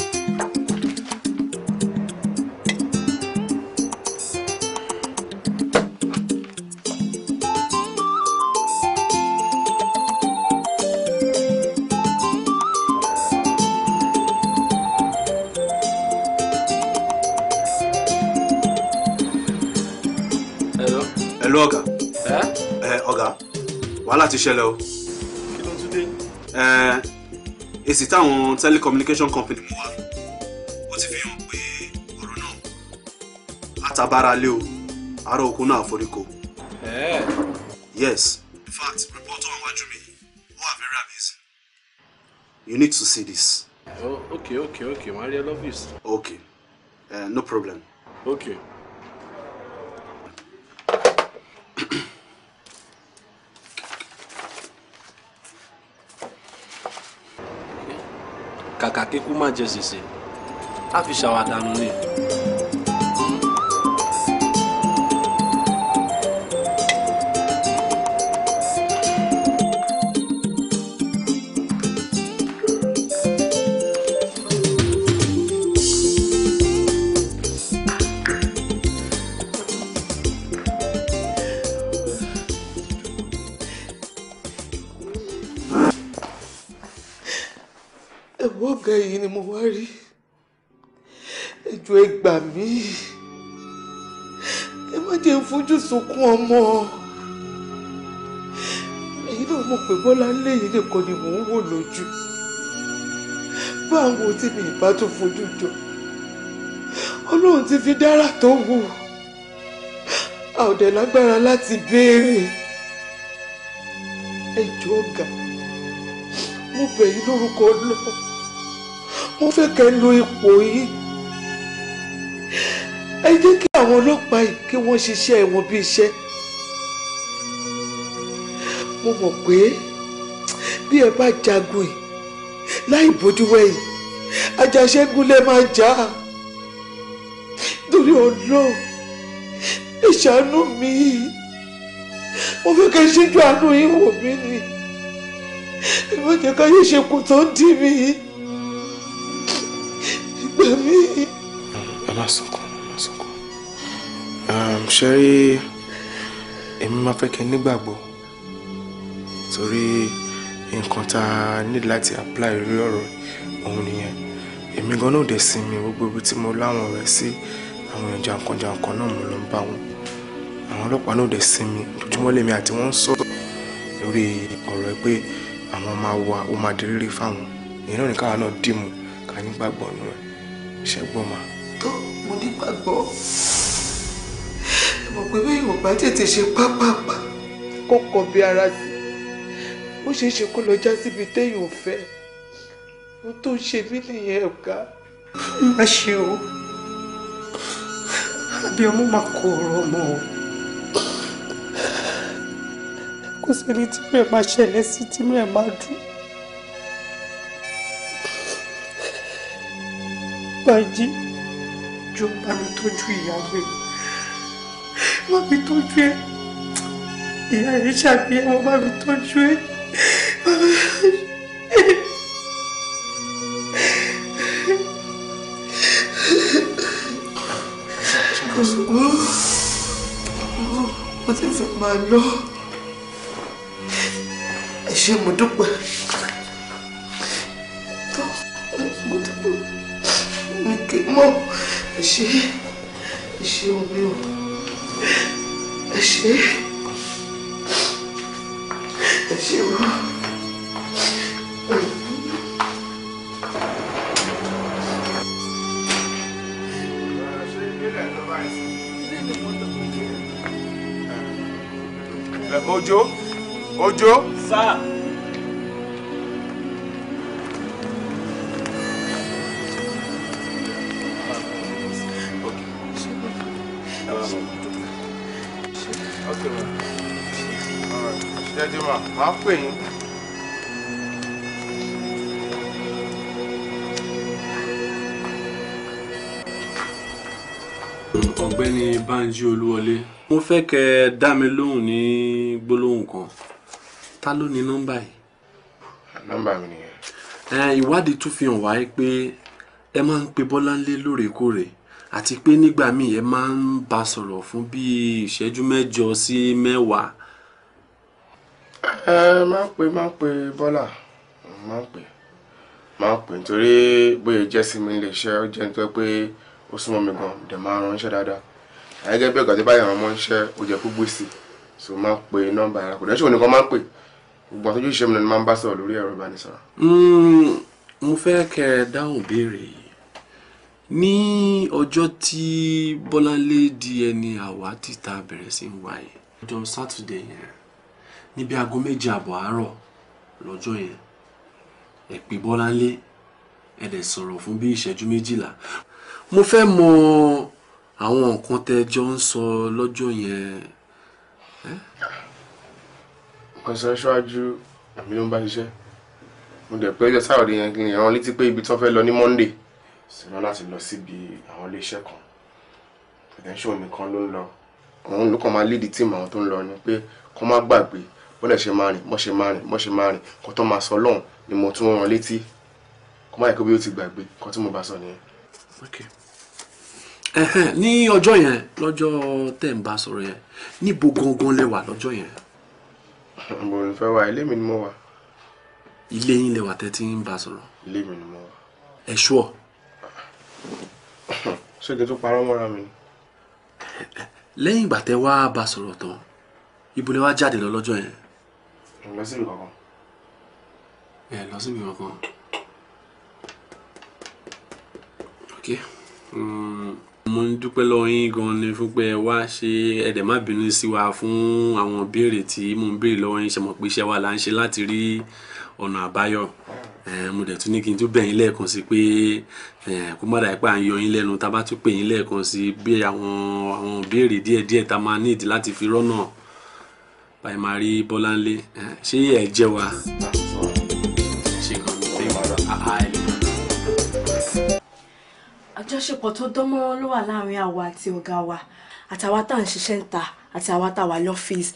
[SPEAKER 2] wàhálà ti ṣẹlẹ̀ o. kí ló tún dé. ẹ eh, èsì táwọn telecommunication company mú wa ó ti fi hàn pé ọ̀rọ̀ náà àtàbára lé o ará òkú náà foríko. Eh. yes
[SPEAKER 3] in fact report tó wájú mi ó wà very
[SPEAKER 2] amazing you need to see this. Oh, okay okay okay maria love this. okay uh, no problem. okay. kàkà kíkú má jẹ sèse á fi ṣàwàdànù ni.
[SPEAKER 7] sunkún ọmọ èyí náà mọ̀ pé bọ́lá léyìn nìkan ni mò ń wò lójú báwo tí mi ìbá tó fojú jọ ọlọ́run ti fi dára tó wù a ò dẹ̀ lágbára láti béèrè ẹjọ́ ọ̀gá
[SPEAKER 1] mo bẹ̀ yín lórúkọ lọ mo fẹ́ kẹ́ lo ipò yìí ẹ jẹ́ kí àwọn ọlọ́pàá yìí kí wọ́n ṣiṣẹ́
[SPEAKER 2] wọn bí iṣẹ́ mo mọ̀ pé bí ẹ bá jagun yìí láì bójú wẹ̀yìn ajaṣẹ́gun lè máa jà á torí ọlọ́run ìṣàánú mi mo fẹ́ kẹ́ ṣíjú àánú yín wò mí ni
[SPEAKER 1] ìwé jẹ́ ká yé ṣe kù tó ń dì mí
[SPEAKER 3] ìgbà mí. ẹ
[SPEAKER 2] ṣe rí èmi máa fẹ́ kí n nígbàgbọ́ torí nǹkan tá a ní láti apply lórí ọ̀rọ̀ òun nìyẹn èmi gan náà dẹ̀ sí mi gbogbo ibi tí mo láwọn ọ̀rẹ́ sí àwọn èèyàn jàǹkànjàǹkàn náà mo lọ ń bá wọn àwọn ọlọ́pàá náà dẹ̀ sí mi ojoojúmọ́ lèmi àti wọ́n ń sọ̀rọ̀ lórí ọ̀rọ̀ pé àwọn máa wà ó máa di rírí fáwọn èèyàn náà ní káwa náà dìmú ká nígbàgbọ́ nù ẹ̀ ṣẹ́gbọ́n mà.
[SPEAKER 7] tó mo nígbàgbọ́ pé bẹ́ẹ̀ ò bá tètè ṣe pápápá kó kọ bí ara sí ó ṣeé ṣe kó lọ já síbi téèyàn ò fẹ́ ohun tó ń ṣe mí nìyẹn ọ̀gá.
[SPEAKER 1] má ṣe o àbí ọmọ máa kó ọ̀rọ̀ ọmọ o kò sẹ́ni tí rẹ̀ máa ṣẹlẹ̀ sí tí rẹ̀ máa dùn. bàjí jọba mi tọ́jú ìyàwó mi má fi tọ́jú ẹ ìyá rẹ ṣàgbéyàwó má fi tọ́jú ẹ mo ti
[SPEAKER 7] fẹ́ máa lọ
[SPEAKER 1] ẹ mo dúpẹ́ mo dúpẹ́ mi omi o
[SPEAKER 3] ṣe
[SPEAKER 2] Ojo. Sir. máa pè yín. ọ̀gbẹ́ni Bánjí Olúwọlé mo fẹ́ kẹ́ ẹ dá mi lóhùn ní gbólóhùn kan ta ló ní nọ́mbà yìí. nọ́mbà mi nìyẹn. ẹ ìwádìí tún fi hàn wá pé ẹ máa ń pe Bọ́láńlé lóòrèkóòrè àti pé nígbà míì ẹ máa ń bá a sọ̀rọ̀ fún bíi ìṣẹ́jú mẹ́jọ sí mẹ́wàá ẹ máa ń pè máa ń pè Bọ́lá máa ń pè máa ń pè nítorí bóyá jẹ́ sí mi lè ṣe ó jẹ́ nítorí pé ó súnmọ́ mi gan dẹ̀ máa ránṣẹ́ dáadáa àyẹ́gẹ́ bí ọ̀gá tó bá yàrá ọmọ ń ṣe ó jẹ́ kó gbèsè so máa ń pè nọ́mbà ara kò dẹ́sùn nìkan máa ń pè gbogbo àtọ́jú ìṣe mi ni máa ń bá sọ̀rọ̀ lórí ẹ̀rọ ìbánisọ̀rọ̀. Hmm, mo fẹ́ kẹ́ ẹ dáhùn béèrè yìí ní ọjọ́ tí Bọ́láńlé di ẹni àwa títa bẹ̀rẹ̀ sí ń wáyé ọjọ́ sátidé yẹn ní bí aago méje àbọ̀ àárọ̀ lọ́jọ́ yẹn ẹ pè Bọ́láńlé ẹ dẹ̀ sọ̀rọ̀ fún bí ìṣẹ́jú méjìlá mo fẹ́ mọ àwọn nǹkan tẹ́ jọ ń sọ lọ́jọ́ yẹn. ọ̀sán ṣáájú àmì ló ń bá ṣiṣẹ́ mo dẹ̀ pé ẹjọ́ sáwọ́dé yẹn kí n rán létí pé ibi tí wọ́n fẹ́ lọ ní Monday sì rán láti lọ síbi àwọn iléeṣẹ́ kan ìdẹ́nṣọ́ mi kan ló ń lọ òun ló kàn máa lédi tíìmù àwọn tó ń lọ ni pé kó má gbàgbé bó lè ṣe máa rìn mọ́ ṣe máa rìn mọ́ máa rìn kó tó máa sọ lọ́hùn ni mo tún rán létí kó má yẹ kó bí ó ti gbàgbé kó tí mo bá sọ nìyẹn. ní ọjọ́ yẹn lọ́jọ́ tẹ̀ ń bá sọ̀rọ̀ yẹn níbo gangan lẹ wà lọ́jọ́ yẹn. mo ń fẹ́ wá ilé mi ni mo wà. ilé yín lẹ wà tẹ́ tí ń bá sọ̀rọ̀. ilé mi ni mo wà. ẹ ṣú ọ. ṣé kí n parọ́ mọ́ra mi ni. lẹ́yìn ìgbà tẹ́ wá bá sọ̀rọ̀ tán ibo lẹ wá jáde lọ lọ́jọ́ yẹn lọ síbi kankan. ẹ lọ síbi kankan ok mm, mo ń dúpẹ́ lọ́wọ́ yín gan-an ni fún pé wá ṣe ẹ̀dẹ̀ má bínú sí wa fún àwọn ìbéèrè tí mo ń béèrè lọ́wọ́ yín ṣe mọ̀ pé iṣẹ́ wa là ń ṣe láti rí ọ̀nà àbáyọ mo dẹ̀ tún ní kí n tún bẹ̀ yín lẹ́ẹ̀kan sí pé kó má dàí ń yọ yín lẹ́nu tá a bá tún pè yín lẹ́ẹ̀kan sí bí àwọn àwọn ìbéèrè díẹ̀díẹ̀ tá a máa ní ìdí láti fi rọ́nà báyìí máa rí Bọ́láńlé ṣé ẹ jẹ́ wa ṣe kàn ní pé àá ẹ
[SPEAKER 4] àjọṣepọ̀ tó dánmọ́rán ló wà láàrin àwa àti ọ̀gá wa àtàwa tá à ń ṣiṣẹ́ ń ta àti àwa tá a wà lọ́fíìsì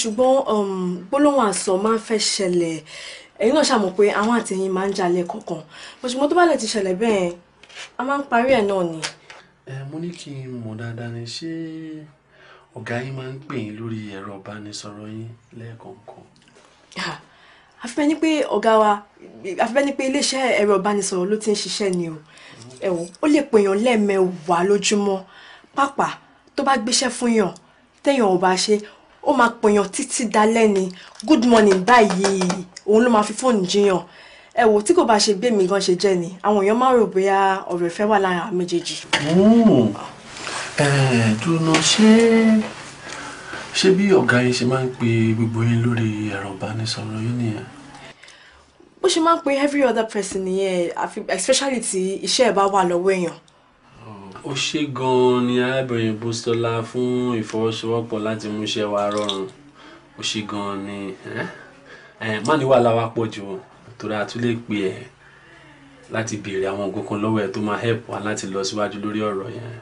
[SPEAKER 4] ṣùgbọ́n gbólóhùn àsọ máa ń fẹ́ ṣẹlẹ̀ ẹ̀yin náà ṣàmọ̀ pé àwọn àtẹ̀yìn máa ń jalè kọ̀ọ̀kan ṣùgbọ́n tó bá lè ti ṣẹlẹ̀ bẹ́ẹ̀ a máa ń parí ẹ̀ náà ni.
[SPEAKER 2] mo ní kí n mọ̀ dáadáa ni ṣé ọ̀gá yín máa ń pè yín lórí ẹ̀rọ ìbánisọ̀rọ̀ yín lẹ́ẹ̀kọ̀ọ̀kan.
[SPEAKER 4] àfibẹ́ ni pé ọ̀gá wa àfibẹ́ ni pé iléeṣẹ́ ẹ̀rọ ìbánisọ̀rọ̀ ló ti ń ṣiṣẹ́ ni o ẹ̀wọ̀ ó lè pèèyàn lẹ́ẹ̀mẹwàá lójúmọ́ pàápàá tó bá gbéṣẹ́ fún yàn téèyàn ò bá ṣe ó máa pèèyàn títí dalẹ́ ni good morning báyìí òun ló máa fi fóònù jiyàn ẹ wò tí kò bá ṣe gbé mi gan ṣe jẹ́ ni àwọn èèyàn máa rò bóyá ọ̀rọ̀ ìfẹ́ wà lára méjèèjì
[SPEAKER 7] dúró ṣé
[SPEAKER 2] ṣé bí ọ̀gá yín ṣe máa ń pe gbogbo yín lórí ẹ̀rọ ìbánisọ̀rọ̀ yín nìyẹn.
[SPEAKER 4] bó ṣe máa ń pe every other person nìyẹn especially tí iṣẹ́ ẹ̀ bá wà lọ́wọ́ èèyàn.
[SPEAKER 2] ó ṣe gan-an ni arábìnrin bóstọ́lá fún ìfọwọ́sowọ́pọ̀ láti mú iṣẹ́ wa rọrùn ó ṣe gan-an ni má ní wàhálà wa pọ̀ jù torí a tún lè pè ẹ́ láti béèrè àwọn nǹkan kan lọ́wọ́ ẹ̀ tó máa help wa láti lọ síwájú lórí ọ̀rọ̀ yẹn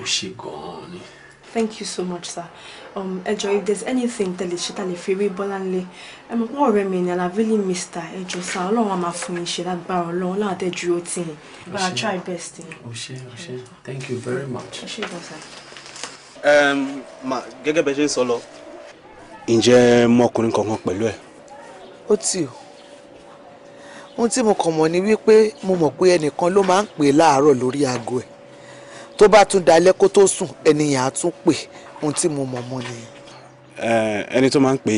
[SPEAKER 2] ó ṣe gan-an ni.
[SPEAKER 4] thank you so much sir um, ẹjọ if there's anything tẹlẹ ṣe ta lè fi rí Bọ́láńlé ẹmu pọ́n ọ̀rẹ́ mi ni alavili mr ẹjọ sá ọlọ́run a máa fún yín ṣe lágbára ọlọ́run láwọn tẹ́ dúró tì yín but i try best. o
[SPEAKER 2] ṣe o ṣe thank you very much. ẹ ṣe gan sir. gẹ́gẹ́ bẹ́ẹ̀ ṣe ń sọ lọ. ǹjẹ́ mọ́kùnrin kankan pẹ̀lú ẹ̀. ó tì ó ohun tí mo kàn mọ̀ ni wípé mo mọ̀ pé ẹnìkan ló máa ń pè é láàárọ̀ lórí aago ẹ̀ tó bá tún dalẹ́ kó tó sùn ènìyàn á tún pè ohun tí mo mọ̀ mọ́ nìyẹn. ẹni tó máa ń pè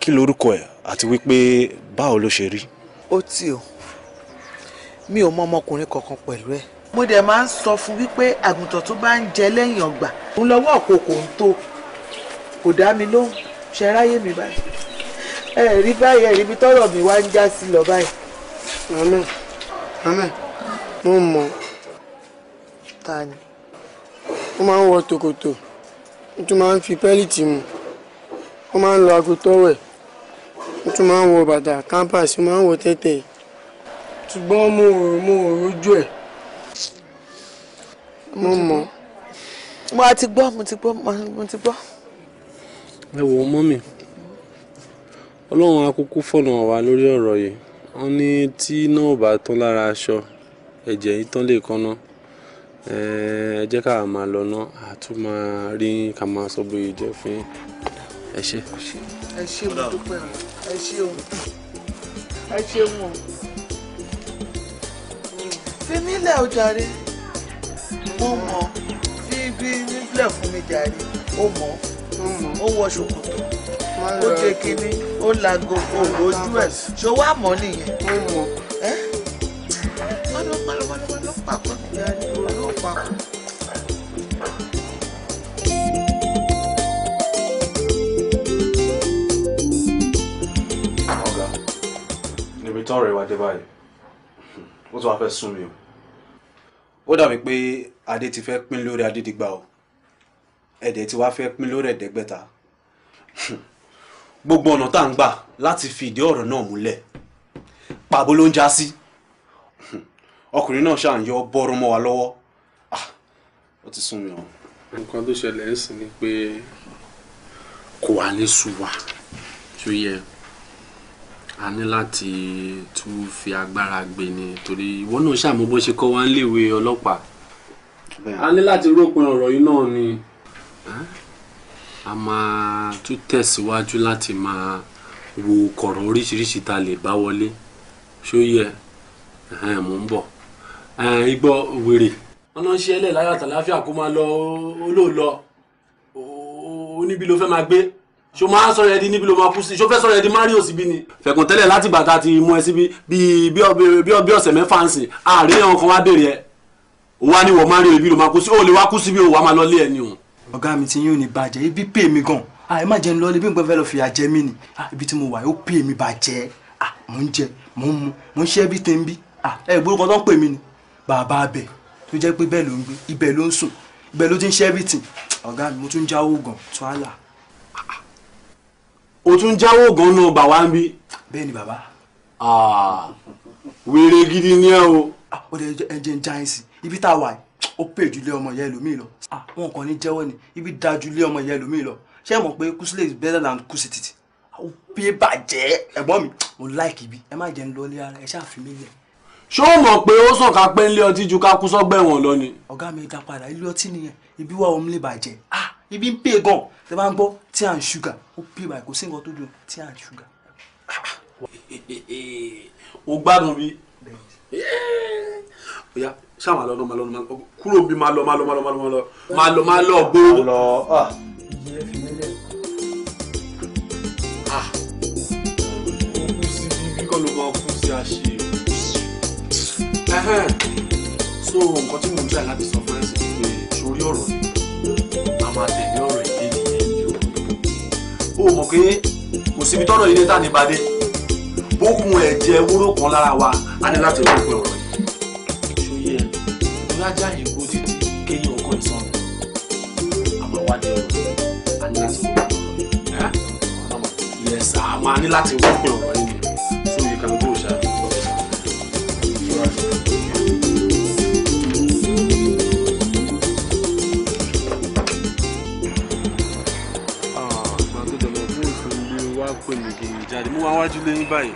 [SPEAKER 2] kí lorúkọ ẹ àti wípé báwo ló ṣe rí. ó tì ó mi ò mọ ọmọkùnrin kankan pẹ̀lú ẹ̀. mo dẹ̀ máa ń sọ fún wípé àgùntàn tó bá ń jẹ lẹ́yìn ọgbà òun lọ́wọ́ òkòkò ń tó kò dá mi lóhùn ṣe ráyè mi báyìí ẹ rí báyìí ẹ rí
[SPEAKER 7] ibi tọ́rọ̀ mi wá ń já sí lọ báyìí. àmín àmín mo mọ̀ bàtà ni ó máa ń wọ tòkòtò ó tún máa ń fi pẹ́lìtì mu ó máa ń lo aago tọ́wẹ̀ ó tún máa ń wọ bàtà campus ó máa ń wọ tẹ́tẹ́ ṣùgbọ́n mo ò mo ò rojú ẹ̀ mo mọ̀.
[SPEAKER 2] mo ti gbọ́ mo ti gbọ́ mo ti gbọ́. ẹ wò ó mọ́mì ọlọ́run akókó fọ̀nà wá lórí ọ̀rọ̀ yìí wọ́n ní tí iná ò bá tán lára aṣọ ẹ̀jẹ̀ yìí tán lè kọ́ná ẹ jẹ́ ká máa lọ ná àtún máa rí ká máa sọ bóyá jẹ́ fún yín ẹ ṣe.
[SPEAKER 3] ẹ ṣe mo dúpẹ́ o ẹ ṣe o
[SPEAKER 7] ẹ ṣe wọn fi mí lẹ̀ o jàre mo mọ̀ fi bí nílẹ̀ fún mi jàre ó mọ̀ ó wọ ṣòkòtò ó jẹ kínní ó lago òòlù ojú
[SPEAKER 2] ẹ̀ ṣó wà mọ́ nìyẹn. tọrọ ìwà dé báyìí ó tún wá fẹ́ sún mi o ó dàbí pé adé ti fẹ́ pín lórí adédìgbà o ẹ̀dẹ̀ ti wá fẹ́ pín lórí ẹ̀ẹ́dẹ́gbẹ̀ta gbogbo ọ̀nà tá à ń gbà láti fi ìdí ọ̀rọ̀ náà múlẹ̀ pàbó ló ń já sí ọkùnrin náà ṣáà ń yọ bọ́ọ̀rọ̀ mọ́ wa lọ́wọ́ ah, ó ti sún mi o. nǹkan tó ṣẹlẹ̀ ń sìn ni pé kò wá ní sùn wá tó yẹ a ní láti tún fi agbára gbé ni torí ìwọ náà ṣàmú bó ṣe kọ́ wa ń léwe ọlọ́pàá a ní láti ròpin ọ̀rọ̀ yìí náà ni a máa tún tẹ̀síwájú láti máa wo kọ̀rọ̀ oríṣiríṣi tá a lè bá wọlé ṣó yẹ mò ń bọ̀ igbó wèrè wọn ṣe ẹlẹ́ẹ̀ láyàtọ̀ láfíà kó máa lọ ó lò ló fẹ́ máa gbé ṣo máa sọ̀rọ̀ ẹ di níbi ló máa kú sí ṣo fẹ́ sọ̀rọ̀ ẹ di mario síbi ni. fẹ̀kùn tẹ́lẹ̀ láti bàtà ti mú ẹ síbi bíi bí ọ̀sẹ̀ mẹ́fà ń sìn àárín ẹ̀wọ̀n kan wá béèrè ẹ̀ wá ní wọ mario ibi ló máa kú sí ó lè wá kú síbi ó wà máa lọ lé ẹ ni o.
[SPEAKER 6] ọ̀gá mi ti yín ní
[SPEAKER 2] bàjẹ́ ibi pè mí gan àì má jẹun lọ ibi nǹkan fẹ́ lọ fìyà jẹ mí ni ibi tí mo wà ó pè mí bàjẹ́ mò ń jẹ mò ń mu mò ń ṣe ẹbí tẹ́ ń bí ẹ gbórúkọ tó ń pè mí ni bàbá abẹ tó jẹ́ pé bẹ́ẹ̀ ló ń gbé ibẹ̀ ló ń sùn ibẹ̀ ló ti ń ṣe everything ọ̀gá mi mo tún jáwó gan tó á là o tún jáwọ́ gan-an gbà wá ń bí. bẹ́ẹ̀ ni bàbá. wèrè gidi ni ah, ẹ o. ó lè jẹ́ ń já yín sí ibi tá a wà ó pè ju lé ọmọ ìyá ẹlòmíì lọ. Ah, wọn kàn ní jẹ́wọ́ ni ibi da ju lé ọmọ ìyá ẹlòmíì lọ ṣé ẹ mọ̀ pé kùsùlẹ̀ is better than kusiti. Ah, ó pé bàjẹ́ ẹ̀gbọ́n mi
[SPEAKER 6] mo like ibi ẹ má jẹ́ ń lọ ní ara ẹ ṣáà fi mí lẹ̀.
[SPEAKER 2] ṣé o mọ̀ pé ó sàn ká ọtí ju ká kú lọ ni.
[SPEAKER 6] ọ̀gá mi dá padà ilé ọtí nìyẹn ibi wà ó ń lè bàjẹ́ ah ibi ń pè
[SPEAKER 2] gan tẹ bá ń gbọ́ tí à ń ṣúgà ó pè báyìí kò sí nǹkan tó dùn tí à ń ṣúgà. o gbádùn mi oya ṣáà máa lọ máa lọ máa lọ kúrò bí máa lọ máa lọ máa lọ máa lọ máa lọ máa lọ gbó.
[SPEAKER 3] ah kú
[SPEAKER 2] sí bí máa kú sí so nǹkan tí mo ń bẹ̀rẹ̀ láti sọ fún ẹ sí pé sórí ọ̀rọ̀ ni máa tẹ̀lé ọ̀rọ̀ ìdí nìyẹn yìí o o mọ̀ pé kò síbi tọ́rọ̀ ilé tá ní bàdé bókun ẹ̀jẹ̀ wúrò kan lára wa a ní láti rọ́pò ọ̀rọ̀ yìí ṣòye ẹ̀ ní ajá títí kéyìn ọkọ̀ ìsàn rẹ̀ àmọ́ wá dé ọ̀rọ̀ a ní láti rọ́pò ọ̀rọ̀ yìí ẹ̀ sà á máa ní láti rọ́pò ọ̀rọ̀ yìí pè mí kí n jáde mo wá wájú lé yín báyìí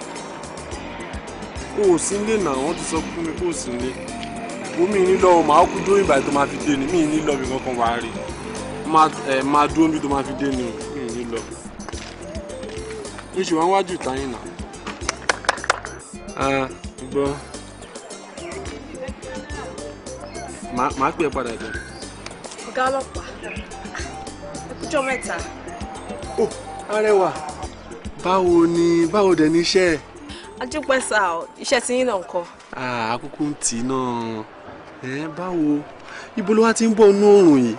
[SPEAKER 2] o ò sí nílé náà wọ́n ti sọ fún mi kó o sí nílé wo mi ní lọ́wọ́ màá kú dóyìn báyìí tó máa fi dé ni mi ní lọ́ọ̀bì kankan wàá rí máa dúró níbi tó máa fi dé ni mi ní lọ oṣù wa wájú ìtayín náà. gbọ́ màá pè é padà jẹ.
[SPEAKER 3] ọ̀gá ọlọ́pàá
[SPEAKER 4] ẹkújọ́ mẹ́ta. ó
[SPEAKER 2] arẹwà báwo ni báwo dẹ̀ ní iṣẹ́ ẹ̀.
[SPEAKER 4] adúpẹ́ sá o iṣẹ́ ti yín náà kọ́.
[SPEAKER 2] àkókò ń tì í náà ẹ báwo ibo ló wá ti ń bọ̀ nú oòrùn yìí.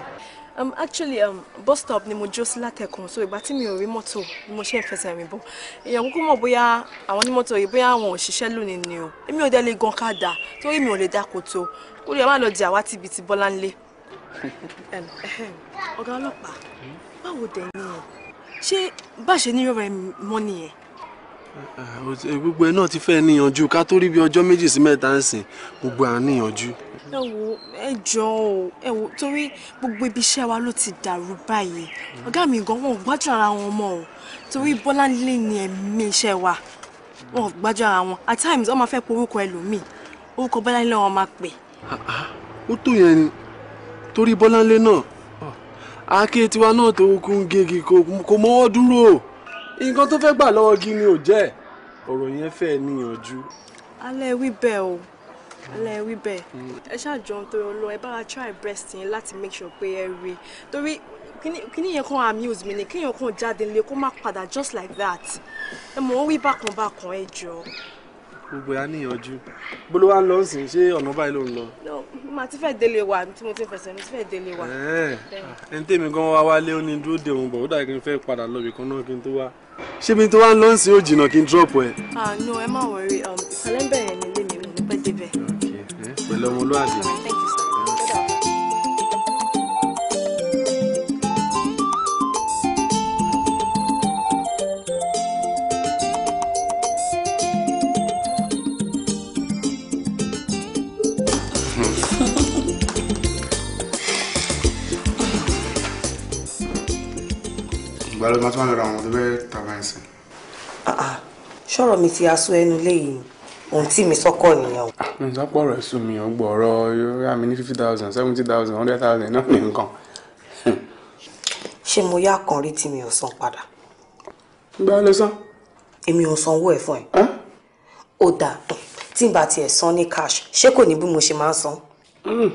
[SPEAKER 4] Um, actually um, bus stop ni mo jó sí látẹ̀kùn so ìgbà tí mi ò rí mọ́tò ni mo ṣe ń fẹsẹ̀ rìn bọ̀ èèyàn kúkú mọ̀ bóyá àwọn onímọ́tò yìí bóyá àwọn òṣìṣẹ́ lónìí ni o èmi ò dẹ́ lè gan ká torí mi ò lè dá kòtò kó lè má lọ di àwa tìbí ti Bọ́láńlé. ọ̀gá ọlọ́pàá báwo dẹ̀ ni o ṣé báṣe ní yọ̀rọ̀ ẹ̀ mọ́ nìyẹn.
[SPEAKER 3] Eh,
[SPEAKER 2] eh, eh, gbogbo ẹ náà ti fẹ́ níyanjú ká tó rí bí ọjọ́ méjì sí mẹ́ta ń sìn gbogbo à ń níyanjú.
[SPEAKER 4] ẹ wo ẹ jọ o ẹ wo torí gbogbo ibi iṣẹ́ wa ló ti dàrú báyìí ọ̀gá mi gan wọn ò gbájú ara wọn mọ́ o torí Bọ́láńlé ni ẹ̀mí iṣẹ́ wa wọn ò gbájú ara wọn at times wọn máa fẹ́ pe orúkọ ẹlòmíì orúkọ Bọ́láńlé wọn máa pè. Ah,
[SPEAKER 2] ah, ó tó yẹn ni torí Bọ́láńlé náà
[SPEAKER 4] àáké tiwa náà tó
[SPEAKER 2] kún gègé kò mọ́wọ́ dúró nǹkan tó fẹ́ gbà lọ́wọ́ gí ni ò jẹ́ ọ̀rọ̀ yẹn fẹ́ níyànjú.
[SPEAKER 4] alẹ́ wí bẹ́ẹ̀ o alẹ́ wí bẹ́ẹ̀ ẹ ṣáàjọ ohun tó yọ lọ ẹ bá wa try breast yín láti make sure pé ẹ rí i torí kíní yẹn kàn amuse mi ni kíyàn kàn jáde nílé kó má padà just like that ẹ mọ̀ wọ́n wí bákan bákan ẹ jọ
[SPEAKER 2] gbogbo ya níyànjú bó ló wá ń lọ ń sìn ṣé ọ̀nà báyìí ló ń lọ.
[SPEAKER 4] màá ti fẹ́ délé wa tí mo ti fẹsẹ̀ mi ti fẹ́ délé wa.
[SPEAKER 2] ẹni tèmi gan wá wálé ó ní dúró de òun bọ̀ ó dàgbé fẹ́ padà lọ ibì kan náà kí n tó wá. ṣé mi tó wá ń lọ ń sìn ó jìnnà kí n drop ẹ.
[SPEAKER 4] àánú ah, ẹ má wọrí um, ìkọlẹ́bẹ̀rẹ̀ nílé mi mo pẹ́ débẹ̀.
[SPEAKER 2] pẹ̀lú ọmọlúwàbí.
[SPEAKER 5] ìgbà ló máa tún wà lọ́dọ̀ àwọn tó fẹ́ ta báyìí sí. sọ̀rọ̀ ah, ah. mi ti aṣọ ẹnu léyìí ohun tí mi sọ́kọ̀ nìyẹn o. ìsọpọ̀ rẹ̀ sùn mí ọgbọ̀ ọ̀rọ̀
[SPEAKER 2] yóò mi ní fifty thousand seventy thousand hundred thousand náà ní nǹkan.
[SPEAKER 5] ṣé mo yá kan rí tí mi ò san padà. ìgbà ló san. èmi ò sanwó ẹ̀ fún ẹ. ó dà tí n bá tiẹ̀ san ní cash ṣé kò ní bí mo ṣe máa ń san.
[SPEAKER 2] Hmm.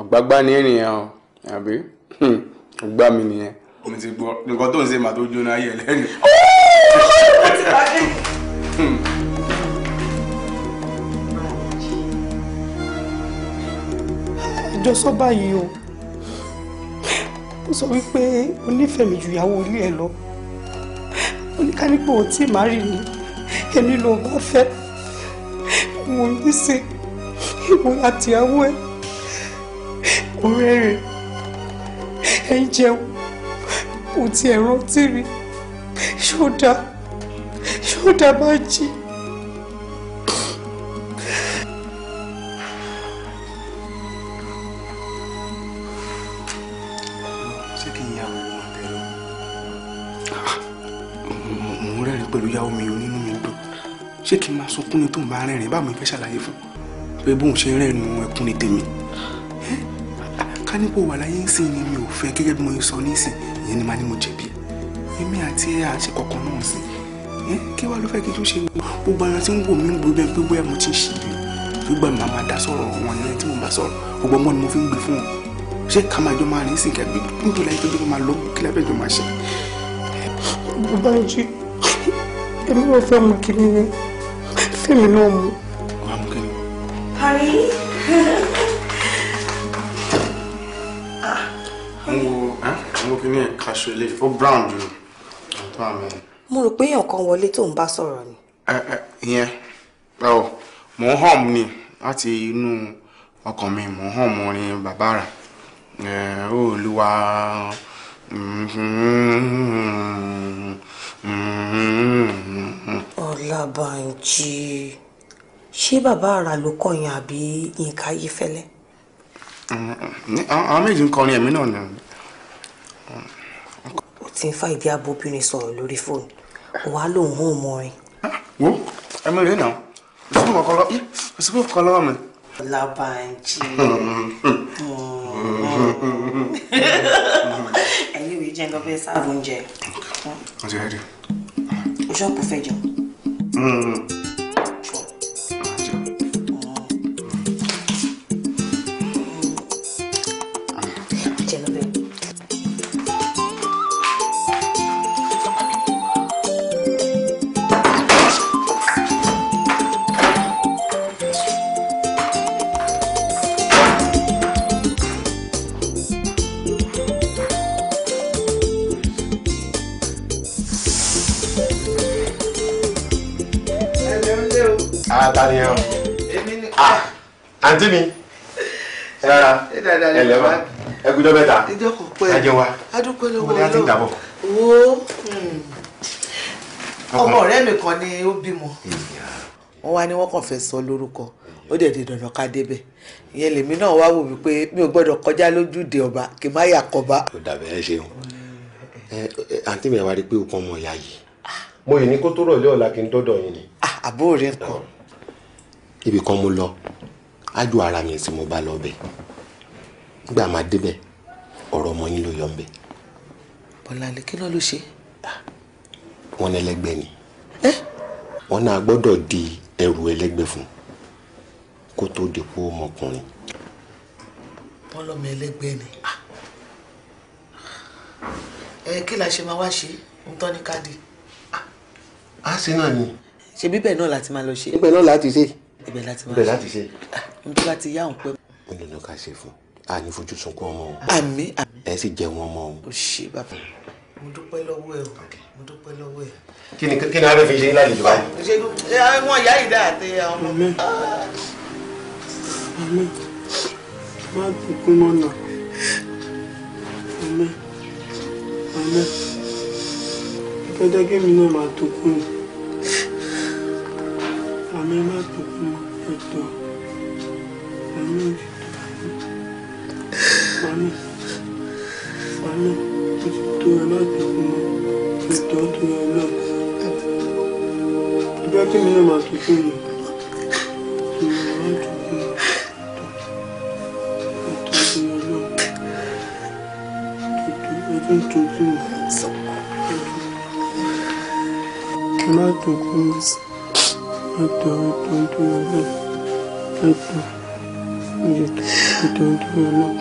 [SPEAKER 2] ọ̀gbágbá ni ènìyàn o àbí hmm. ọ̀gbá mi nìyẹn mo ti gbọ́ nǹkan tó ń ṣe mà tó jóná ayé ẹlẹ́rìí.
[SPEAKER 1] ó báyìí o ó sọ wípé ó nífẹ̀ẹ́ mi ju ìyàwó ilé ẹ lọ ó ní ká nípa tí màá rì ní èmi ló bá fẹ́ mo ní ṣe ìwọ àtìyàwó ẹ ọ̀rẹ́ rẹ̀ ẹ jẹun kò tiẹ̀ rántí rí ṣódà ṣódà má jí.
[SPEAKER 2] pẹ̀lú ìyàwó mi ò nínú mi dùn ṣé kí n máa sunkún ni tó ń bá rẹ́rìn báwo ni fẹ́ ṣàlàyé fún pé bóun ṣe rẹ́rìn ẹkún ni tèmi ká ní kó wà láyé ń sìn ni mi ò fẹ́ gẹ́gẹ́ bí mo sọ nísìn ìyẹn ni màá ní mo jẹ̀bi èmi àti ẹ̀ àti kọ̀ọ̀kan náà sí kí wàá ló fẹ́ kí tó ṣe gbogbo ara tí ń wò mí gbogbo ẹ̀ gbogbo ẹ̀ mo ti ṣì lè gbogbo ẹ̀ màá máa dá sọ̀rọ̀ wọn ní tí mo bá sọ̀rọ̀ gbogbo ọmọ ni mo fi ń gbé fún wọn ṣé ká máa jọ máa rìn sí kẹgbẹ́ nítorí ayé tó jọ máa lọ kí lábẹ́ jọ máa ṣe.
[SPEAKER 1] bàbá ìjì èmi náà fẹ́
[SPEAKER 2] kíní kaṣu ilé ó brown ju ọ̀tún àmì.
[SPEAKER 5] mo rò pé ọ̀kan wọlé tó ń bá sọ̀rọ̀ ni.
[SPEAKER 2] ìyẹn ọ mò ń hàn ni láti inú ọkàn mi mò ń hàn mọ orin bàbá rà ó olúwa
[SPEAKER 5] ọlábànjí ṣé bàbá àrà ló kọyìn àbí yínká yí fẹ́lẹ́.
[SPEAKER 2] àwọn méjì ń kọrin ẹ̀mí náà nìyẹn
[SPEAKER 5] ó ti ń fa ìdí abóbìnrin sọ̀rọ̀ lórí fóònù wà á lòun ò mọrin.
[SPEAKER 2] wo ẹ mọ ìrìn náà òṣìbò kọ lọ́wọ́ mi.
[SPEAKER 5] Labanji ẹ̀yin ìwé jẹ́ nǹkan fẹ́ sáàbù oúnjẹ. ọ̀sẹ̀ rẹ̀ dì. ṣọ́ọ̀pù fẹ́ jẹun.
[SPEAKER 2] Mm. ta ni ẹ o ah, àǹtí mi ẹ
[SPEAKER 3] rárá ẹ lẹ́wà ẹ gbúdọ̀ mẹ́ta ẹ jẹ wa mo ní àti ìdàbọ̀.
[SPEAKER 6] Hmm. ọmọ ọ̀rẹ́ mi kan ni ó bímọ
[SPEAKER 2] wọ́n wá ní wọ́n kàn fẹ́ sọ lórúkọ ó dẹ̀ di dandan ká débẹ̀ ìyẹn lèmi náà wá wò wípé mi ò gbọ́dọ̀ kọjá lójúde ọba kì má yà kọba. ó dàbẹ̀ ẹ ṣeun àǹtí mi wá rí pé o kàn mọ ìyá yìí ah. mo yìí ní kó tó rọ̀ ilé ọ̀la kí n dọ́dọ̀ yín ni. Ah, àbúrò rẹ kàn ibi kan mo lọ ájú ara mi sì mo bá lọ
[SPEAKER 6] bẹ̀ nígbà máa débẹ̀ ọ̀rọ̀ ọmọ yín ló yọ ń bẹ̀.
[SPEAKER 2] kí ló ló ṣe. Ah,
[SPEAKER 6] wọ́n ní ni wọ́n náà gbọ́dọ̀ di ẹrù ẹlẹ́gbẹ́ fún kó tó dépò ọmọkùnrin.
[SPEAKER 2] wọ́n lọ́mọ ẹlẹ́gbẹ́ ni ah. ẹ kí la ṣe máa wá ṣe ń tọ́ ní káàdì. Ah, a sì náà ni. ṣe
[SPEAKER 6] bíbẹ̀ náà láti máa lọ ṣe. bíbẹ̀ náà láti ṣe ibẹ̀ láti wá ṣe ibẹ̀ láti ṣe. Ah, n tó bá ti yá òun pẹ́. o lè lọ ká ṣe fún
[SPEAKER 2] a ní fojú sunkún ọmọ o. àmì àmì. ẹ sì jẹ wọn ọmọ o. o ṣe bàbá mo dúpẹ́ lọ́wọ́ ẹ o mo dúpẹ́ lọ́wọ́ ẹ. kí ni kí ni wọ́n fi ṣe lálejò báyìí. ṣe wọn yá ìdá àti àwọn
[SPEAKER 7] ọmọ. àmì má dùnkún mọ́nà àmì àmì gẹ́gẹ́ kí mi náà máa dùnkún àmì má dùnkún dùn you. mi dùn mami mami mo ti tó ẹ láti fún mi mo tọ́ tó ẹ lọ ọjọ́ tí mi náà máa tuntun yìí. Mátòkú, ẹ̀tọ̀ ẹ̀tọ̀ ẹ̀tọ̀ ẹ̀tọ̀ ẹ̀dùn ẹ̀dùn ẹ̀dùn náà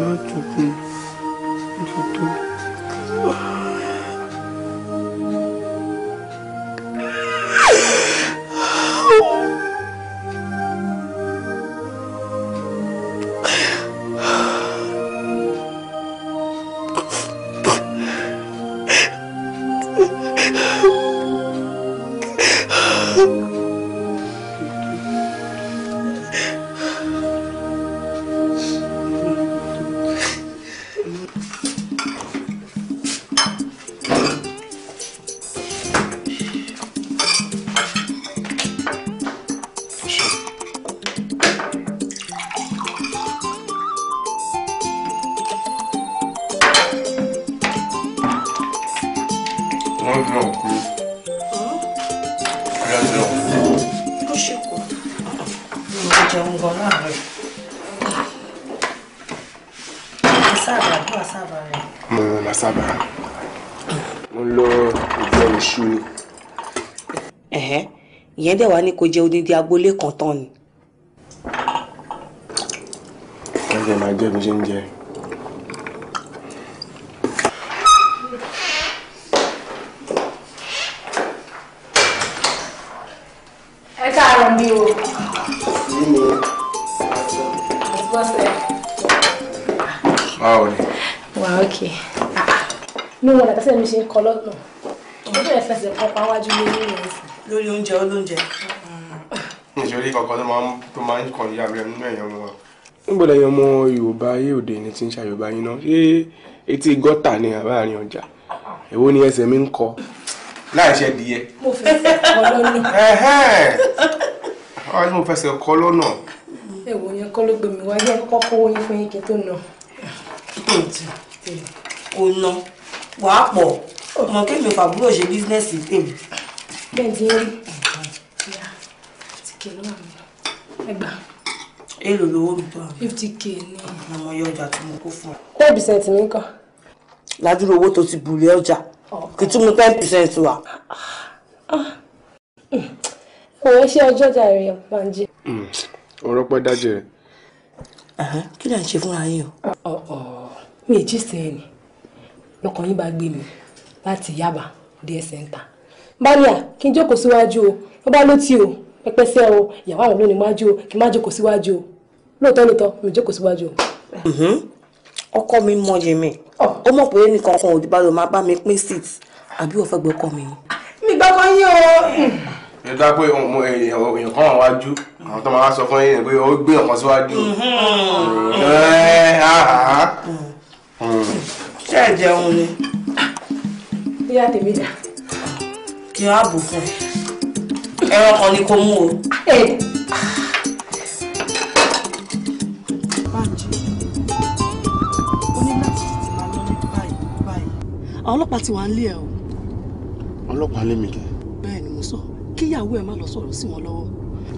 [SPEAKER 7] ẹ̀dùn. ẹ̀dùn
[SPEAKER 5] yẹn dẹ̀ wá ní kó jẹ odindi agboolé kan tán ni.
[SPEAKER 2] ẹsẹ̀ máa jẹ́ bí ṣe ń jẹ. ẹ káàárọ̀ mi o.
[SPEAKER 4] báwo ni. wà á òkè. mi ò mọ̀ nàkásẹ́ mi ṣe ń kọ́ lọ́gbọ̀n.
[SPEAKER 2] kàn yà mí ẹnu mẹ́yàn ọmọ wa. níbo lẹ́yìn ọmọ yorùbá ayé òde ni ti ń ṣa yorùbá yín náà ṣé etí gọ́tà ni àbáàrin ọjà èwo ni ẹsẹ̀ mi ń kọ láì ṣe díẹ̀.
[SPEAKER 4] mo fẹsẹ̀ kọ lọ́nà.
[SPEAKER 2] mo fẹsẹ̀ kọ lọ́nà.
[SPEAKER 4] èwo yẹn kọ́ ló gbé mi wáyé kọ́kọ́ kówó yín fún yín kí n tó nà. kò nà
[SPEAKER 5] wàá pọ̀ ọmọ kéèmì fàbúrò ṣe bísínẹ́sì tèmi.
[SPEAKER 4] bẹ́ẹ̀ ti ń rí ìgbà tí kìlọ̀ àmì ẹgbàá
[SPEAKER 5] èlò lówó mi tó àná.
[SPEAKER 1] fifty k ní. ọmọ yọ ọjà tí mo kó fún ọ.
[SPEAKER 4] ten percent mi kàn.
[SPEAKER 5] ládùúrò owó tó ti bùrẹ̀ ọjà kì í tún mu ten percent wà.
[SPEAKER 4] òun ṣe ọjọ́ ọjà rẹ̀ Banji.
[SPEAKER 2] Hmm, ọ̀rọ̀ pẹ́ dájẹ́
[SPEAKER 4] rẹ̀. kí ni à ń ṣe fúnra yín o. mi ì jí sẹ́yìn ni lọkàn yín bá gbé mi láti Yaba dé Center. Maria, kí n jókòó o ló bá ló ti o pẹpẹsẹ o ìyàwó àwọn lónìí má jó o kí má jókòó síwájú o lóòótọ́ lóòótọ́ mi jókòó síwájú o. Mm-hmm. ọkọ mi mọyì mi ó mọ̀ pé nìkan kan ò
[SPEAKER 5] dìbò máa bá mi pín seat àbí wọ́n fẹ́ gbé ọkọ mi. mi
[SPEAKER 1] gbàgbọ́ yín o.
[SPEAKER 3] ẹ
[SPEAKER 2] dá pé èèyàn kan wà wájú àwọn tó máa sọ fún yín pé ó gbé ọkàn síwájú mm-hmm.
[SPEAKER 4] ṣé ẹ jẹun ni. a tèmi dà. kí a bù fún ẹ
[SPEAKER 5] ẹran kan ni kò mú o.
[SPEAKER 4] Eh.
[SPEAKER 1] àwọn ọlọ́pàá ti wà ń lé ẹ o.
[SPEAKER 2] ọlọ́pàá lé mi kẹ.
[SPEAKER 1] bẹ́ẹ̀ ni mo sọ kíyàwó ẹ má lọ sọ̀rọ̀ sí wọn lọ́wọ́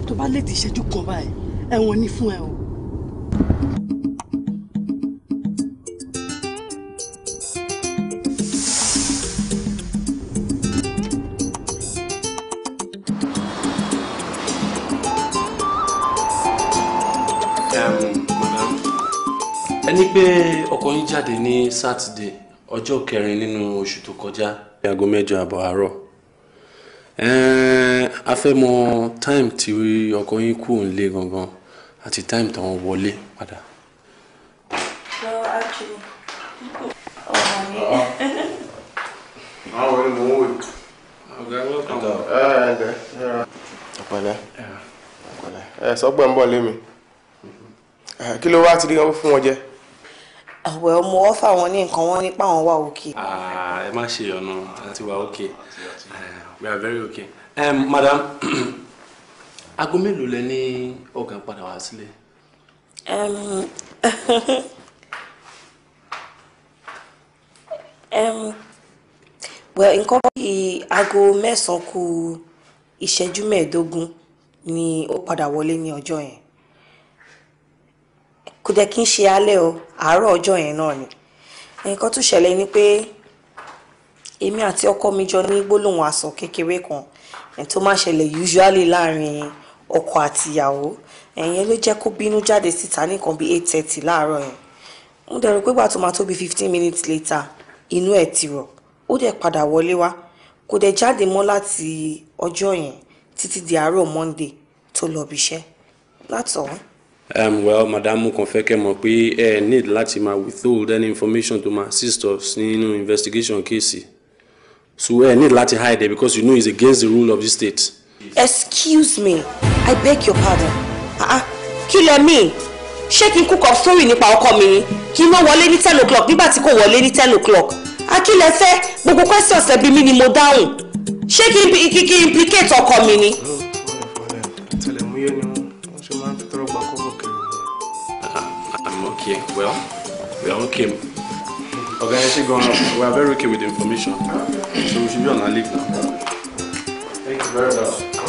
[SPEAKER 1] tó bá lè ti ìṣẹ́jú kan báyìí ẹ̀wọ̀n ni fún ẹ o.
[SPEAKER 2] ní pé ọkọ yín jáde ní sátidé ọjọ́ kẹrin nínú oṣù tó kọjá. aago mẹ́jọ àbọ̀ àárọ̀ a fẹ́ mọ time tí ọkọ yín kù ń lé gangan àti time tí wọ́n wọlé padà.
[SPEAKER 7] Àwọn ẹni mò ń wò. Ọ̀gá ẹ̀ wọ́n kàn mọ́. Ẹ ẹ ẹ ẹ.
[SPEAKER 2] Ọ̀pẹ̀lẹ̀. Ọ̀pẹ̀lẹ̀. Ẹ sọ́gbọ̀n ń bọ̀ lé mi. Mm-hmm. Kí ló wá ti rí ọmọ fún wọn jẹ?
[SPEAKER 5] àwẹ̀ ọmọ ọ́fà wọn ní nǹkan wọn nípa àwọn wà òkè.
[SPEAKER 2] Ah, ẹ má ṣe ọ̀nà àti wà òkè eh, we are very okay. Um, madam aago mélòó lẹ ní ọ̀gá padà wá sílé.
[SPEAKER 5] nǹkan bíi aago mẹ́sàn-án kù ìṣẹ́jú mẹ́ẹ̀ẹ́dógún ni ó padà wọlé ní ọjọ́ yẹn kò dẹ̀ kí n ṣe alẹ́ o àárọ̀ ọjọ́ yẹn náà ni nǹkan tó ṣẹlẹ̀ ni pé èmi àti ọkọ mi jọ ní gbólóhùn asọ̀ kékeré kan tó máa ṣẹlẹ̀ usually láàrin ọkọ àti ìyàwó ẹ̀yẹn ló jẹ́ kó bínú jáde síta nìkan bíi eight thirty láàárọ̀ yẹn ń dẹ̀rù pé gbà máa tó fifteen minutes later inú ẹ̀ ti rọ̀ ó dẹ̀ padà wọlé wá kò dẹ̀ jáde mọ́ láti ọjọ́ yẹn títí di àárọ̀ Monday tó lọ bíṣẹ́ látọ̀ọ́
[SPEAKER 2] um, well madam kan fẹ́ kẹ́ mọ̀ need láti máa withhold any information to my sisters nínú investigation case. so ẹ need Lati hide it because you know it's against the rule of the state.
[SPEAKER 5] excuse me i beg your pardon Ah, ah lẹ mean ṣé kí cook up story nípa ọkọ mi ni kí n má wọlé ten o'clock nígbà tí kò wọlé ní ten o'clock akílẹ̀ ah, fẹ́ gbogbo questions ẹbí mi ni mo dáhùn ṣé kí n implicate ọkọ mi ni.
[SPEAKER 2] Okay, well, we are okay. Organization going up. We are very okay with the information. So we should be on our leave now. Thank you very much.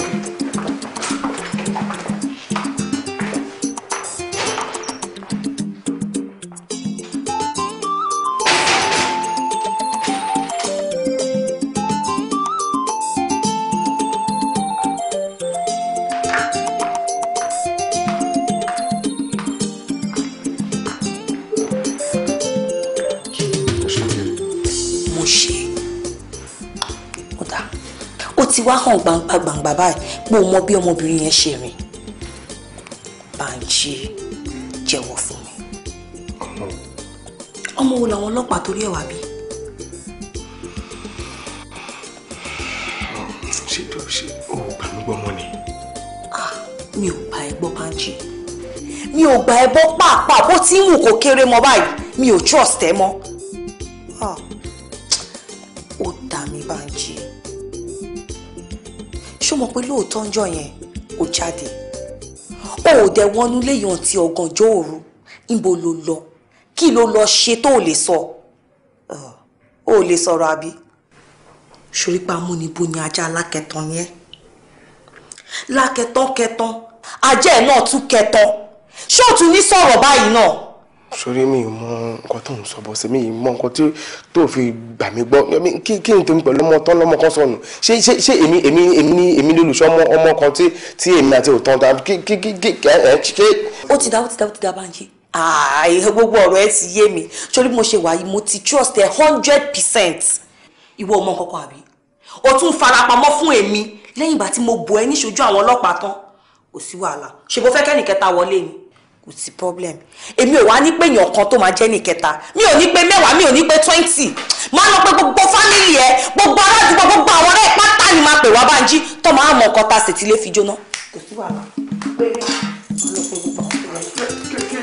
[SPEAKER 5] wá hàn gbangba gbangba báyìí pé o mọ bí ọmọbìnrin yẹn ṣe rìn Bánjí jẹ́wọ́ fún mi ọmọ wo làwọn ọlọ́pàá torí ẹ̀ wá bí.
[SPEAKER 6] ṣé tó ṣe ò gbà mí gbọ́ mọ́ ni.
[SPEAKER 5] Ah, mi ò gbà ẹ gbọ́ Bánjí mi ò gbà ẹ bọ́ pàápàá bó ti ń wù kó kéré mọ́ báyìí mi ò trust ẹ mọ́. pé lóòótọ́ ń jọ yẹn ó jáde ó ò dẹ̀ wọnú léèyàn ti ọ̀gànjọ́ òru níbo ló lọ kí ló lọ ṣe tó ò lè sọ ó lè sọ̀rọ̀ àbí. ṣorí pa amúnibó ni ajá alákẹtàn yẹn lákẹtàn kẹtàn ajá ẹ̀ náà tún kẹtàn ṣóòtú ní sọ̀rọ̀ báyìí náà
[SPEAKER 2] sórí mi mọ nǹkan tó ń sọ bọ́ sí mi mọ nǹkan tí tó fi gbà mí gbọ́ kí kí n tèmi pẹ̀lú ọmọ tán lọ́mọ kan sọnù ṣé ṣé ṣé èmi èmi èmi ní èmi lólùṣọ́ ọmọ ọmọ kan tí tí èmi àti òtán ta kí kí kí kí ẹ ẹ ṣe.
[SPEAKER 5] ó ti dá ó ti dá ó ti dá báyìí àì gbogbo ọ̀rọ̀ ẹ ti yé mi sórí mo ṣe wàyí mo ti trust ẹ hundred percent ìwọ ọmọ kọkọ àbí o tún farapamọ́ fún èmi lẹ́yìn ìgbà tí mo bò ẹ níṣojú àwọn ọlọ́pàá tán kò sí wàhálà ṣe bó fẹ́ kẹ́nìkẹta wọlé ni kò sí problem èmi ò wá ní pé èèyàn kan tó máa jẹ́ nìkẹta mi ò ní pé mẹ́wàá mi ò ní pé twenty máa lọ pé gbogbo fámìlì ẹ gbogbo aládùúgbò gbogbo àwọn ọ̀rẹ́ pátá ni máa pè wá Bánjí tó máa mọ ọkọ ta sì ti lè fi jóná. kò sí wàhálà pé kí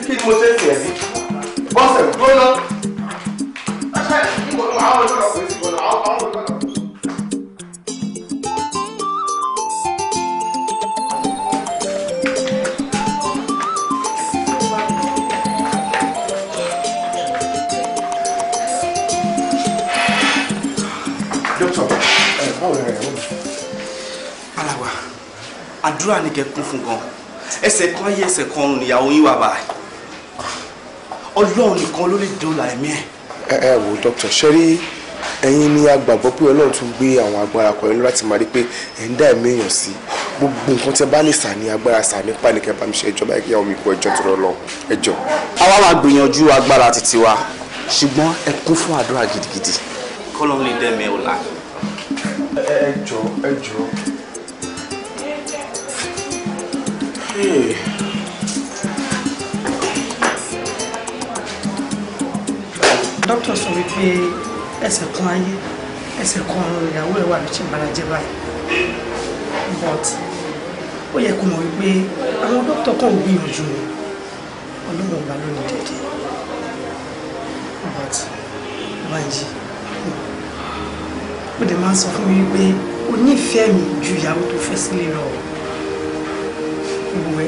[SPEAKER 7] ni
[SPEAKER 2] mo ṣe ń tẹ̀ sí bọ́sẹ̀ gbóná. ọ̀sẹ̀ ìgbòho àwọn olùdókòwò sí. àdúrà ni kẹ́ kún fún gan ẹsẹ̀ kan ayé ẹsẹ̀ kan ọ̀run nìyàwó yín wà báyìí ọlọ́run nìkan ló lè dóòlà ẹ̀mí ẹ̀. ẹ ẹ wo dókítà ṣẹ́rí ẹ̀yin ni a gbàgbọ́ pé ọlọ́run tún gbé àwọn agbára kan ẹni láti máa rí pé ẹ̀ ń dá ẹ̀mí èèyàn sí gbogbo nǹkan tẹ bá lè sà ní agbára sà nípa ní kẹfà mi ṣe ìjọba ẹgbẹ́ àwọn ìkú ẹjọ́ tó lọ ẹjọ́. àwa máa gbìyànjú agbára títí wa ṣùgbọ́n ẹ kún fún àdúrà gidigidi. kọ́lọ́mù lè dẹ́mi ọ̀la. ẹ ẹ jọ ẹ jọ
[SPEAKER 1] dókítà sọ wípé ẹsẹ̀ kan ayé ẹsẹ̀ kan ọ̀run ìyàwó ẹ̀ wà ló ṣe ìbànújẹ́ báyìí but ó yẹ kó mọ̀ wípé àwọn dókítà kan ò gbìyànjú ni ọlọ́run ọba ló ní dédé but Bánjí ó dẹ̀ máa ń sọ fún mi wípé o nífẹ̀ẹ́ mi ju ìyàwó tó fẹ́ sílé lọ ìwé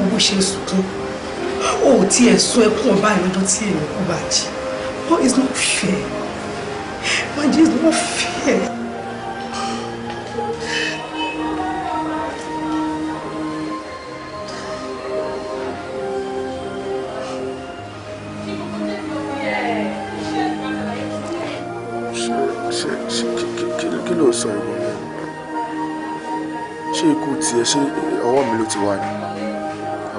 [SPEAKER 1] owó ṣe sunkún o ò tiẹ̀ sún ẹkún ọba ìlọ́jọ́ tí èmi kú bá jí is not fair
[SPEAKER 3] my dear is not fair.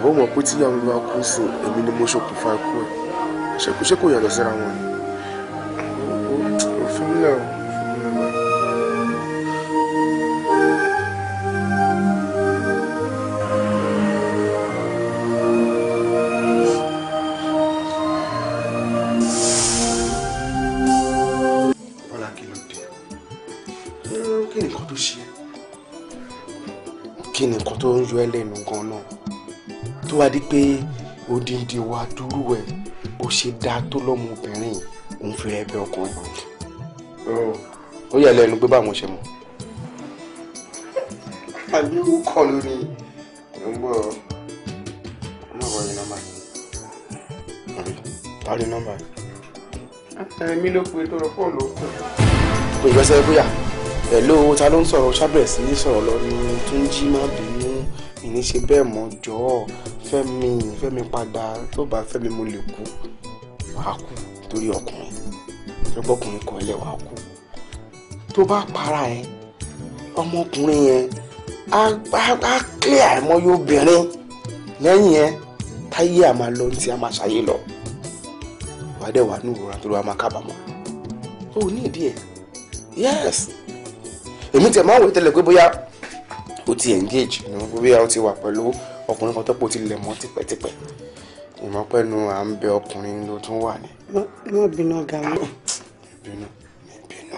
[SPEAKER 2] ó mọ̀ pé tíyàwó mi máa kú sí èmi ni mo ṣokùnfà ikú ẹ̀ ṣèkú ṣé kò yàtọ̀ síra wọn ni òfin mílẹ̀ o. kí ni nǹkan tó ń yọ ẹ́ lẹ́nu wá di pé odindi wa dúró ẹ̀ bó ṣe dáa tó lọ́mọbìnrin òun fi rẹ̀ bẹ ọkùnrin. ó yà lẹ́nu pé báwọn ṣe mọ̀. àbí ó kọ́ ló ń bọ̀ ọ́ náà nọ́mbà yìí. ta rí nọ́mbà
[SPEAKER 7] yìí. ẹ̀mí ló pe tọrọ pọ̀ ló kù.
[SPEAKER 2] ìgbésẹ̀ bóyá ẹ̀ ló ta ló ń sọ̀rọ̀ ṣàbẹ̀sí sọ̀rọ̀ lọ ni Túnjí má bínú ìníṣe bẹ́ẹ̀ mọ́ jọ̀ọ́ fẹ́mi fẹ́mi padà tó bá fẹ́mi mo lè kú wàá kú torí ọkùnrin lọ́gbọ́kùnrin kan ilé wàá kú tó bá para ẹ ọmọkùnrin yẹn á á clear ẹ mọ́ yóò bẹ̀rẹ̀ lẹ́yìn ẹ táyé àmà lọ tí a máa ṣayé lọ wàá dẹ̀ wà ní ìrora tó lọ́wọ́ máa kábàámọ̀
[SPEAKER 6] o ní ìdí ẹ̀
[SPEAKER 2] yes èmi tẹ̀ máa wò tẹ́lẹ̀ pé bóyá o ti engage bóyá o ti wà pẹ̀lú ọkùnrin kan tọ́pọ̀ ti lẹ̀ mọ́ tipẹ́tipẹ́ ìmọ̀pẹ́nu à ń bẹ ọkùnrin ló tún wà ní.
[SPEAKER 1] má bínú ọ̀gá mi.
[SPEAKER 2] bínú bínú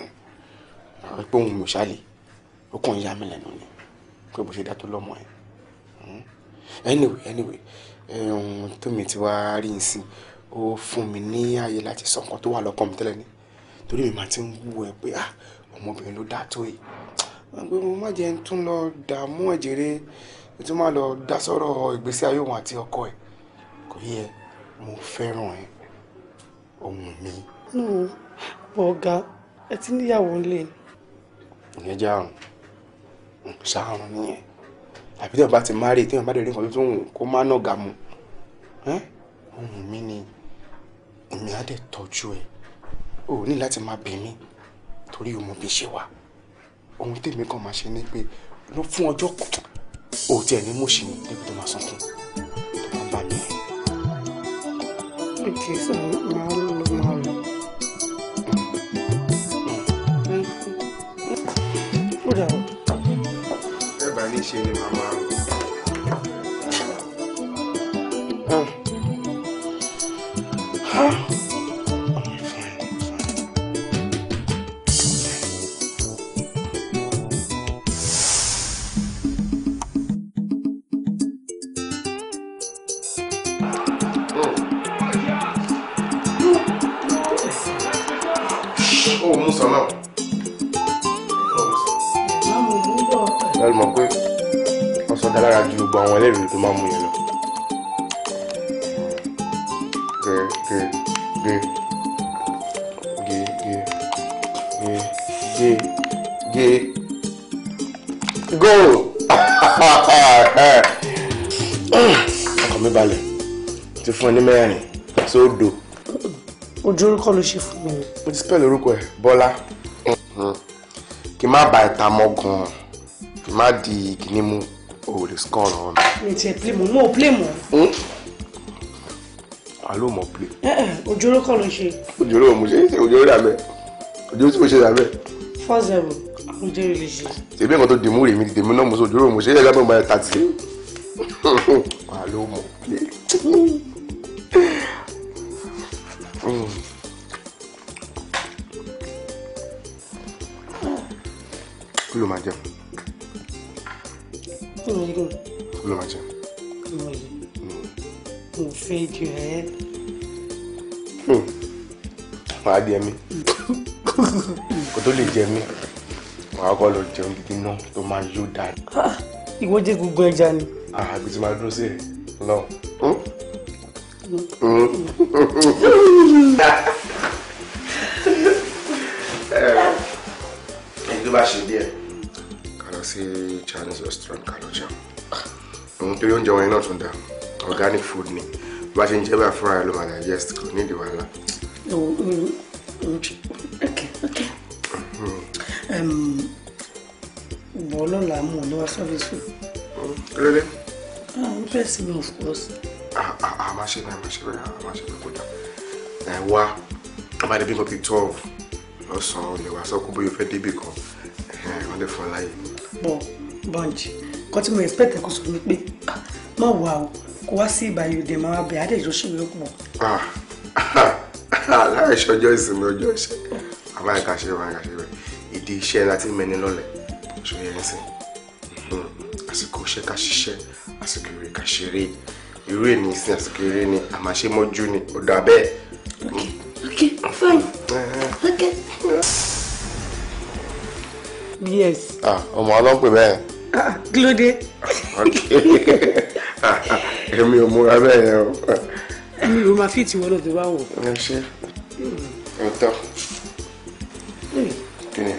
[SPEAKER 2] àwọn pé òun ò ṣàlè ó kàn mi lẹ́nu ni pé bó ṣe dá tó lọ́mọ ẹ̀. Hmm. anyway anyway eh, ohun tó mi ti wá rí n sí ó fún mi ní ààyè láti sọ nǹkan tó wà lọ́kàn mi tẹ́lẹ̀ ni torí mi máa ti ń wú ẹ pé ah, ọmọbìnrin ló dá tó yìí. má jẹ́ ń tún lọ dààmú ẹ̀jẹ̀ rẹ̀ o tún máa lọ dá sọ́rọ̀ ìgbésí ayé òun àti ọkọ ẹ̀ kò yẹ mo fẹ́ràn ẹ ohun mi.
[SPEAKER 1] nù bọ̀ ọ̀gá ẹ ti níyàwó ńlẹ̀.
[SPEAKER 2] ìyẹn jẹ́ àrùn ṣàrùn nìyẹn àbí tí wọn bá ti máa rí tí wọn bá lè rí nǹkan tó ń kó má nà ga mu ohun mi ni èmi á dẹ̀ tọ́jú ẹ o ní láti máa bẹ̀ mí torí o mọ bí ṣe wà ohun tèmi kan máa ṣe ni pé lọ fún ọjọ́ o tiẹ̀ ní mòṣì ni débi tó máa sunkún tó máa bá mi.
[SPEAKER 7] òkè sọ máa lọ máa lọ. Hmm. ó ẹ bá ní ṣe ni màmá. G G G G G go
[SPEAKER 2] ọkàn mi balẹ̀ ti fún ẹ ní mẹ́rin sódò. ojú orúkọ ló ṣe fún mi. mo ti spẹ́ẹ̀lì orúkọ ẹ̀ bọ́lá kí n má ba ìta mọ́ gan-an kí n má di kìnnìmù òòlù skọ́ọ̀rọ̀ mi.
[SPEAKER 1] mi ti ẹ̀ pílẹ̀ mọ́ mo ò pílẹ̀ mọ́ ló mọ̀ play. òjòrò kọ́ ló ṣe.
[SPEAKER 2] òjòrò mo ṣe é ṣe òjòrò rà mẹ́ òjòrò tí mo ṣe rà mẹ́.
[SPEAKER 1] four zero òjòrò lè ṣe.
[SPEAKER 2] tèmi nǹkan tó dìmú rèmi tèmi náà mo ṣe òjòrò mo ṣe é ṣe lábẹ́ mo bá yẹ tàtí. wà ló mọ̀
[SPEAKER 3] play.
[SPEAKER 2] màá kọ́ lọ jẹun gidi náà tó máa yó
[SPEAKER 1] dáadáa. ìwọ jẹ gbogbo ẹja ni.
[SPEAKER 2] àbí ah, tí máa dúró sí ẹ lọ. ẹni tó bá ṣe díẹ̀ ká lọ sí Chinese restaurant ká lọ jẹun nítorí oúnjẹ wọn náà tún dá organic food ni bá ṣe ń jẹ́ bá fúnra ẹ ló máa digest kò ní ìdí wàhálà.
[SPEAKER 1] ok ok bọ́ lọ́la mú lọ́wọ́ sọ́fíìsì. rere. àwọn pẹ̀sì mi of course. Ah, ah, ah máa ṣe bẹ́ẹ̀ a máa ṣe bẹ́ẹ̀ a máa ṣe bẹ́ẹ̀ kódà
[SPEAKER 2] ẹ wá a máa débi nǹkan bíi twelve lọ́sàn-án olè wá sọ́kún bóyá o fẹ́ débi kan wọ́n lè fún ọ láàyè.
[SPEAKER 1] bọ bọ́ǹjì kan tí mo expect ẹ̀kọ́ sọ ni pé ah, má wà o kó wá sí ìbàyè òde máa wá bẹ̀ á dẹ̀ jọ ṣe ìwé pọ̀.
[SPEAKER 2] láì ṣọjọ́ ìsinmi ọjọ́ ìṣe àbáyé kà ṣe é báyé kà ṣe é báyé ìdí iṣẹ́ láti mẹ́ni lọ́lẹ̀ ṣòye ẹ̀sìn hmm, àsìkò iṣẹ́ ká ṣiṣẹ́ àsìkò eré ká ṣeré irú èmi ìsìn àsìkò eré ni àmàṣe mọ́jú ni ó dà bẹ́ẹ̀.
[SPEAKER 1] ok
[SPEAKER 3] ok fine hmm. ok.
[SPEAKER 1] yes.
[SPEAKER 2] ọmọ ọlọ́pẹ̀ bẹ́ẹ̀.
[SPEAKER 1] Ah, kí ló dé.
[SPEAKER 2] èmi ò múra bẹ́ẹ̀ yẹn o.
[SPEAKER 1] èmi ò máa fi ìtìwọ́ náà tó bá ẹ
[SPEAKER 7] ṣe òótọ́
[SPEAKER 3] hmm. kí ni.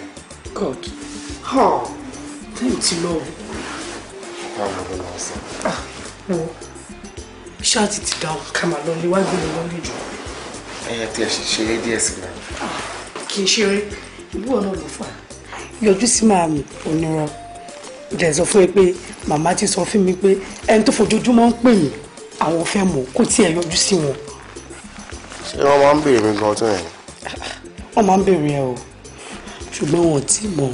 [SPEAKER 1] God. Oh, thank you, Lord.
[SPEAKER 3] Báwo ló máa sọ?
[SPEAKER 1] Wo ṣáà ti ti dáhùn ká máa lọ léwá gbé mi lọ́lé lonely?
[SPEAKER 2] Ẹyẹ tí ẹ ṣe ṣeré díẹ̀ sí mi.
[SPEAKER 1] Ah, Kì í ṣeré, ìbúwọ̀ náà ló fà. Yọjú sí màmí onírọ̀. Dẹ̀ sọ fún mi pé màmá ti sọ fún mi pé me. tó fojoojúmọ́ ń pè do àwọn fẹ́ me. I will fear sí wọn.
[SPEAKER 2] Ṣé wọ́n máa ń béèrè mi gan-an tó yẹn? Ah,
[SPEAKER 1] ah, wọ́n máa ń béèrè ẹ ṣùgbọ́n wọn ò tí mọ̀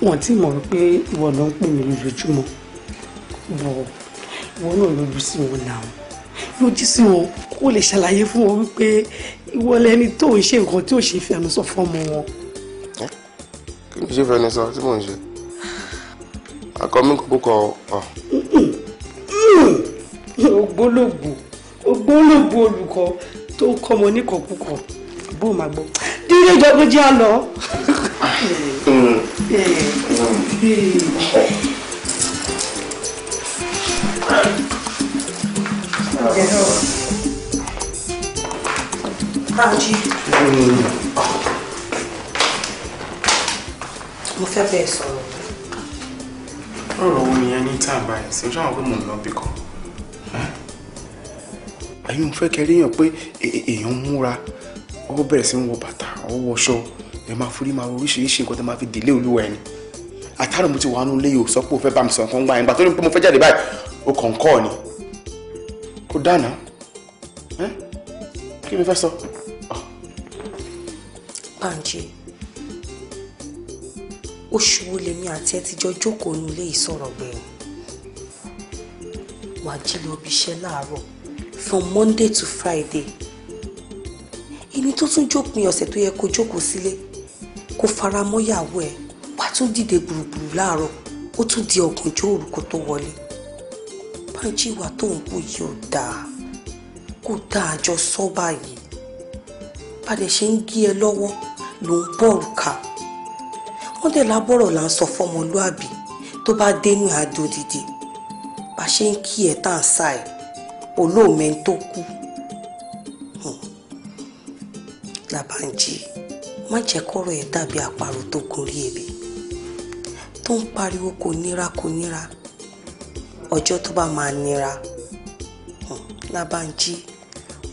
[SPEAKER 1] wọn ò tí mọ̀ pé ìwọ ló ń pè mí lójoojúmọ́ wọ ìwọ náà lójú sí wọn náà lójú sí wọn kó lè ṣàlàyé fún wọn wípé ìwọ lẹni tó ń ṣe nǹkan tí ò ṣe fi ẹnu sọ fọmọ wọn.
[SPEAKER 2] kí ni ṣe fẹ́ ẹni sọ tí mò ń ṣe akọ mi kò kọ ọ. Mm-hmm.
[SPEAKER 1] Mm-hmm. ògbólógbò ògbólógbò olùkọ́ tó ń kọ́ ọmọ níkọ̀ọ́kùkọ̀ bó máa gbọ́ ilé ìjọba jẹ́ àlọ́.
[SPEAKER 2] mo fẹ́ bẹ́ẹ̀ sọ̀rọ̀. ọ̀rọ̀ wo nìyẹn ní tá a bá ẹ̀ sí ojú àwọn pé mò ń lọ bí kan ẹ̀yin ò fẹ́ kẹ́ ríyàn pé e-, e-, èèyàn múra ọwọ́ bẹ̀rẹ̀ sí ń wọ bàtà ọwọ́ wọṣọ ẹ máa forí máa oríṣiríṣi nǹkan tó máa fi délé olúwa ẹni àtàrà mo ti wà nínú ilé yìí ò o fẹ́ bá mi sọ nǹkan gba ẹ̀ nígbà tó ní pé mo fẹ́ jáde báyìí o kàn kọ́ ọ ni kò dáná
[SPEAKER 5] kí ló fẹ́ sọ. Ah. Banji oṣù wo lèmi àti ẹ ti jọ jókòó nínú ilé yìí sọ̀rọ̀ gbẹ̀yìn wàá jí lọ bí iṣẹ́ láàárọ̀ from Monday to Friday èmi tó tún jópin ọ̀sẹ̀ tó yẹ kó jókòó sílé kó fara mọ́yàwó ẹ̀ wá tún dìde gbùrùgbùrù láàárọ̀ ó tún di ọ̀gànjọ́ òru kó tó wọlé Bánjí ìwà tó ń kú yìí ò dáa kó dáa jọ sọ báyìí balẹ̀ ṣe ń gé ẹ lọ́wọ́ ló ń bọ̀rù ká wọ́n dẹ̀ lábọ̀rọ̀ là ń sọ fọmọlúàbí tó bá dénú àdó dìde bá ṣe ń kí ẹ tá à ń kú. Làbàǹjì má jẹ́ kọ́rọ̀ ẹ̀ dàbí àparò tó gorí ebè tó ń pariwo kò nira kò nira ọjọ́ tó bá máa nira Làbàǹjì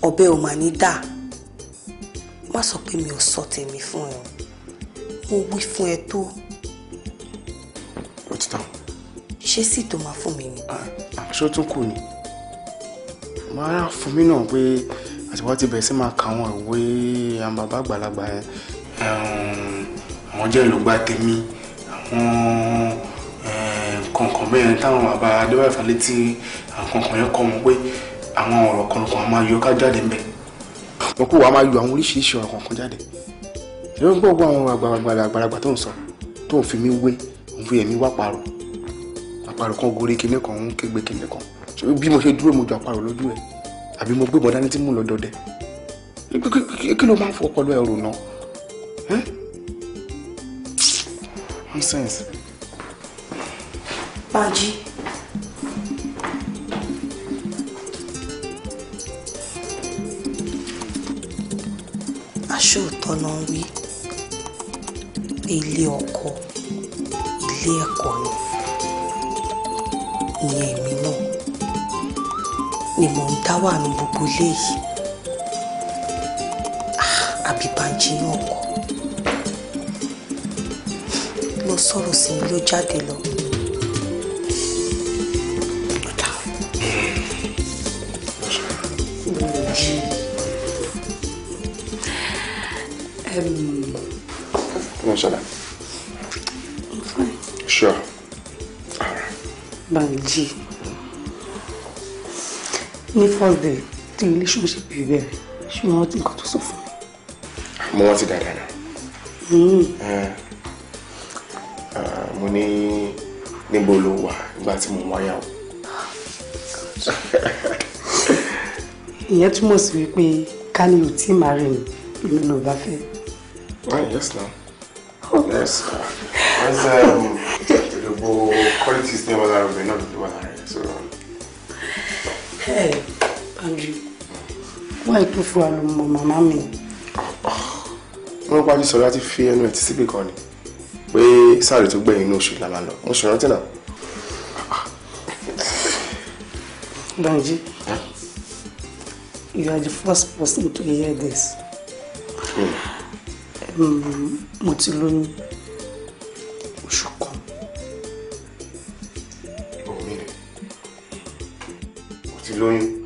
[SPEAKER 5] ọbẹ̀ ò máa ní dà má sọ pé mi ò sọ tèmi fún ẹ mo wí fún ẹ tó. òtítọ́. ṣé sì tó máa fún mi ni.
[SPEAKER 2] aṣọ ah, ah, tó kù ni màá fún mi náà pé. Pe àti wọ́n ti bẹ̀rẹ̀ sí máa ka àwọn ìwé àwọn bàbá àgbàlagbà yẹn àwọn jẹ́ ìlúgba tèmi àwọn eh, kọ̀ọ̀kan bẹ́ẹ̀ táwọn bàbá adébáyé falẹ̀ tí àwọn kọ̀ọ̀kan yẹn kọ́ wọn pé àwọn ọ̀rọ̀ kọ̀ọ̀kan máa yọ ká jáde ń bẹ̀. wọn kò wá máa yọ àwọn oríṣiríṣi ọ̀rọ̀ kọ̀ọ̀kan jáde ìlú gbọ́gbọ́ àwọn àgbàlagbà tó ń sọ tó ń fi mí wé òun fi ẹ̀mí wá pààrọ̀ àpàrọ̀ kan gorí kinní kan ń kégbe kinní kan bí mo ṣe dúró mo jọ àpàrọ̀ lójú ẹ̀ àbí mo gbé ìbọn dání tí mò ń lọ dọdẹ kí ló máa ń fọ ọpọlọ ẹ rò náà nonsense.
[SPEAKER 5] Bájí. aṣọ òtọ́nà wí ilé ọkọ ilé ẹ̀kọ́ ni ìyẹn mi náà ni mò ń dá wà ní gbogbo eléyìí ah, àbí Bánjí náà lọ sọ̀rọ̀ sí mi ló jáde lọ. Um,
[SPEAKER 2] Sure.
[SPEAKER 1] Bánjí ní first day tí relationship yìí bẹ̀rẹ̀ ṣùgbọ́n wọ́n ti nǹkan tó sọ fún mi.
[SPEAKER 2] mo wọ́n ti dáadáa náà. Hmm. Eh, eh, mo ní níbo ló wà nígbà tí mo wáyà o.
[SPEAKER 1] ìyẹn túmọ̀ sí wípé ká ní o tí màá rìn ìlú ló bá fẹ́. Ah,
[SPEAKER 6] yes na oh. yes
[SPEAKER 2] as um, gbogbo qualities ní ọmọlára obìnrin náà ló wà lára rẹ so
[SPEAKER 1] ọwọ́ ẹ̀ tó fún wa ló mọ màmá mi.
[SPEAKER 2] wọ́n wá ní sọ̀rọ̀ láti fi ẹnu ẹ̀ ti síbì kan ni pé sáré tó gbẹ̀yìn inú oṣù la máa lọ mo ṣe rántí náà.
[SPEAKER 1] Banji, you are the first person to hear this. Hmm. Hmm, mo ti lóyún oṣù kan. lóyún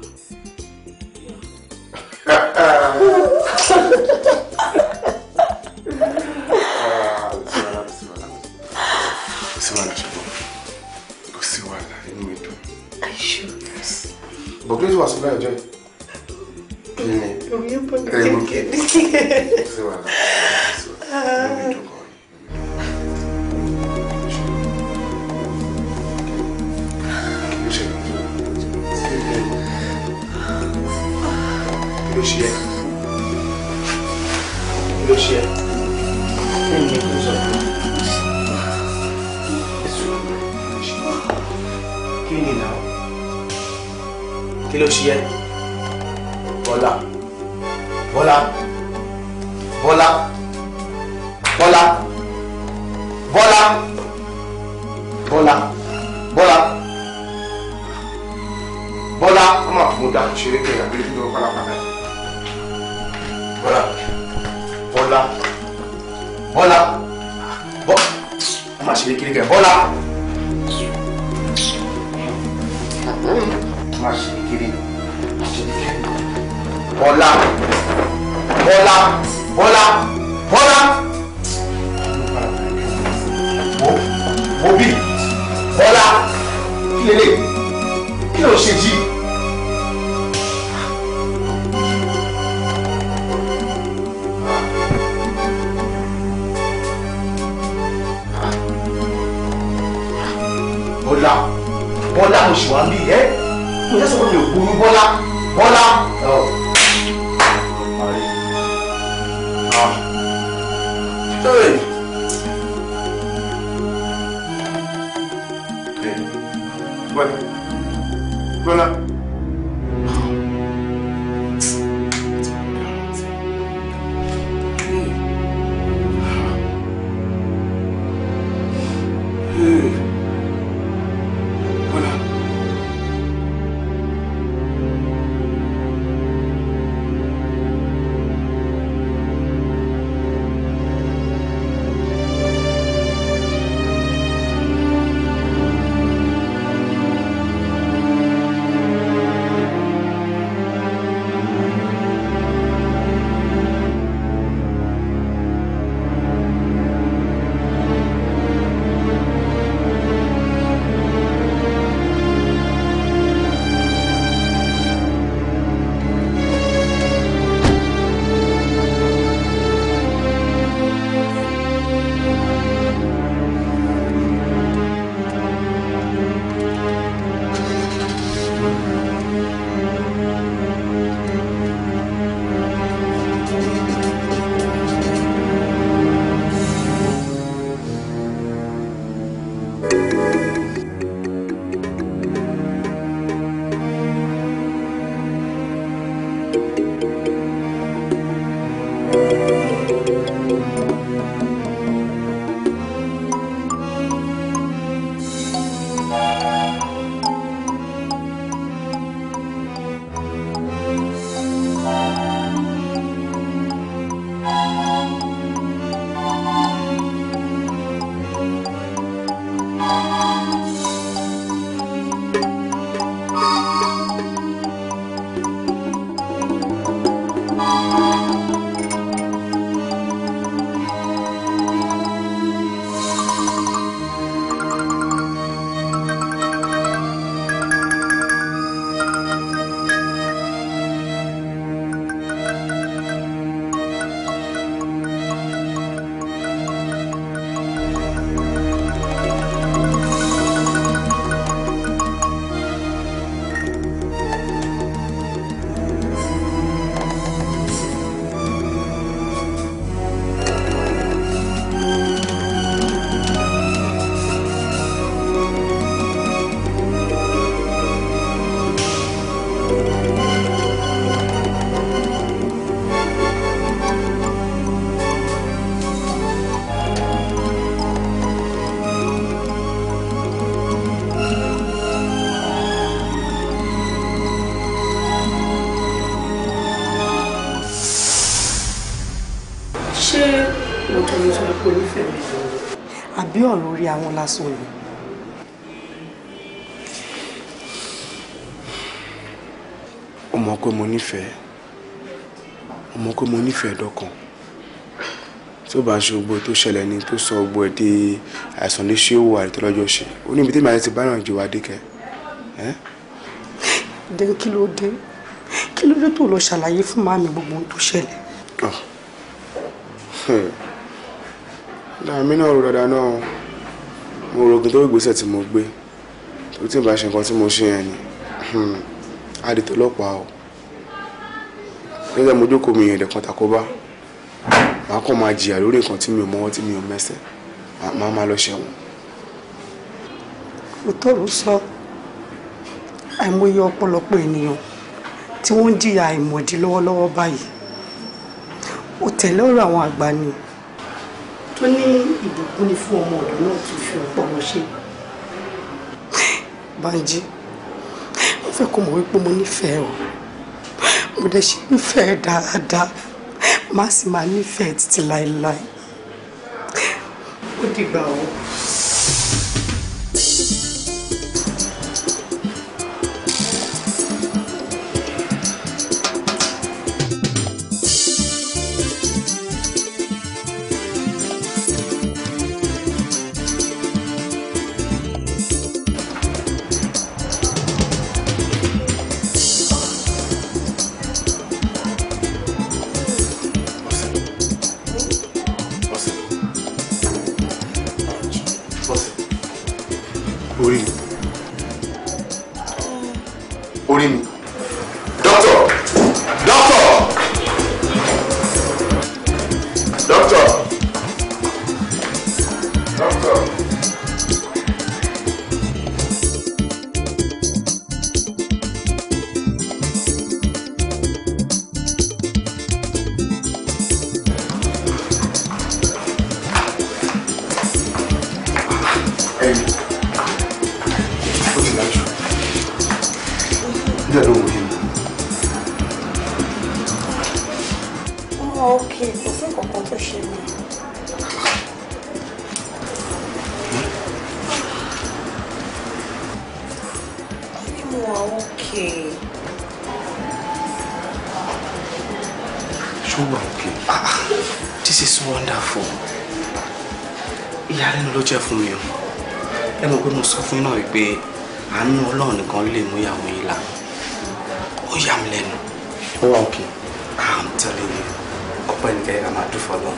[SPEAKER 1] orí àwọn lásán ni.
[SPEAKER 2] ó mọ̀ pé mo nífẹ̀ẹ́ ó mọ̀ pé mo nífẹ̀ẹ́ dọ́kan tí ó bá ṣe gbogbo tó ṣẹlẹ̀ ni tó sọ gbogbo ẹ̀ dé àìsàn lè ṣe òwò àìtọ́ lọ́jọ́ ṣe ó ní ibi tí màá ti bá ràn jù wá dé kẹ.
[SPEAKER 1] dé kí ló dé kí ló dé tó lọ ṣàlàyé fún màmí gbogbo ohun tó ṣẹlẹ̀.
[SPEAKER 2] Ah. Hmm. làmínà rò dáadáa náà mo rogun tó ìgbésẹ̀ tí mo gbé tó tí ì bá ṣe nǹkan tí mo ṣe yẹn ni àdìtò hmm, ọlọ́pàá o nígbà mo jókòó mi yẹn dẹ̀kan tàkóbá màá kàn máa jìyà lórí nǹkan tí mi ò mọ́wọ́ tí mi ò mẹ́sẹ̀ màá máa lọ ṣẹ̀wọ̀n.
[SPEAKER 1] òtọ́rù sọ àìmọye ọ̀pọ̀lọpọ̀ ènìyàn tí wọ́n ń jìyà àìmọ̀dí lọ́wọ́lọ́wọ́ báyìí ó tẹ̀lé ọ̀rọ̀ àwọn àgbà ni tó ní ìbùkún ni fún ọmọ ọ̀dọ́ náà tó fi ọ̀pọ̀ wọn ṣe. Bánjí mo fẹ́ kó mọ̀ wípé mo nífẹ̀ẹ́ o mo dẹ̀ ṣe nífẹ̀ẹ́ dáadáa má sì máa nífẹ̀ẹ́ títí láéláé ó dìgbà o.
[SPEAKER 2] telling you ọpẹ́ nìkan yẹn ká máa dúfọ́ lọ.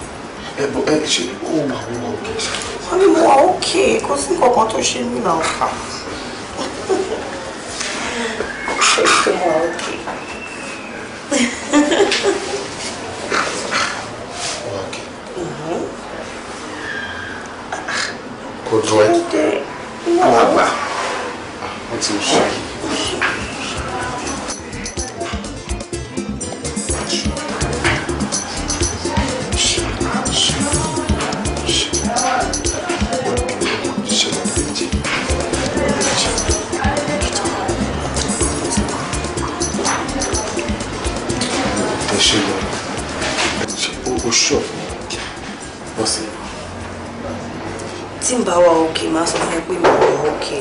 [SPEAKER 2] ẹ bọ ẹ
[SPEAKER 7] ṣe ó
[SPEAKER 5] máa wọ òkè. wọ́n ní mo wà òkè kò sí nǹkan kan tó ṣe mí náà. Ah,
[SPEAKER 7] ṣe ṣe mo wà òkè.
[SPEAKER 3] kò
[SPEAKER 5] wà òkè máa sọ fún ẹ pé mi ò wà òkè.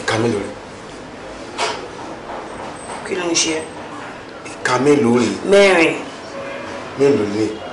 [SPEAKER 5] ìka mélòó rẹ. kí ló ń ṣe.
[SPEAKER 2] ìka mélòó rẹ. mẹ́rin. mélòó rẹ.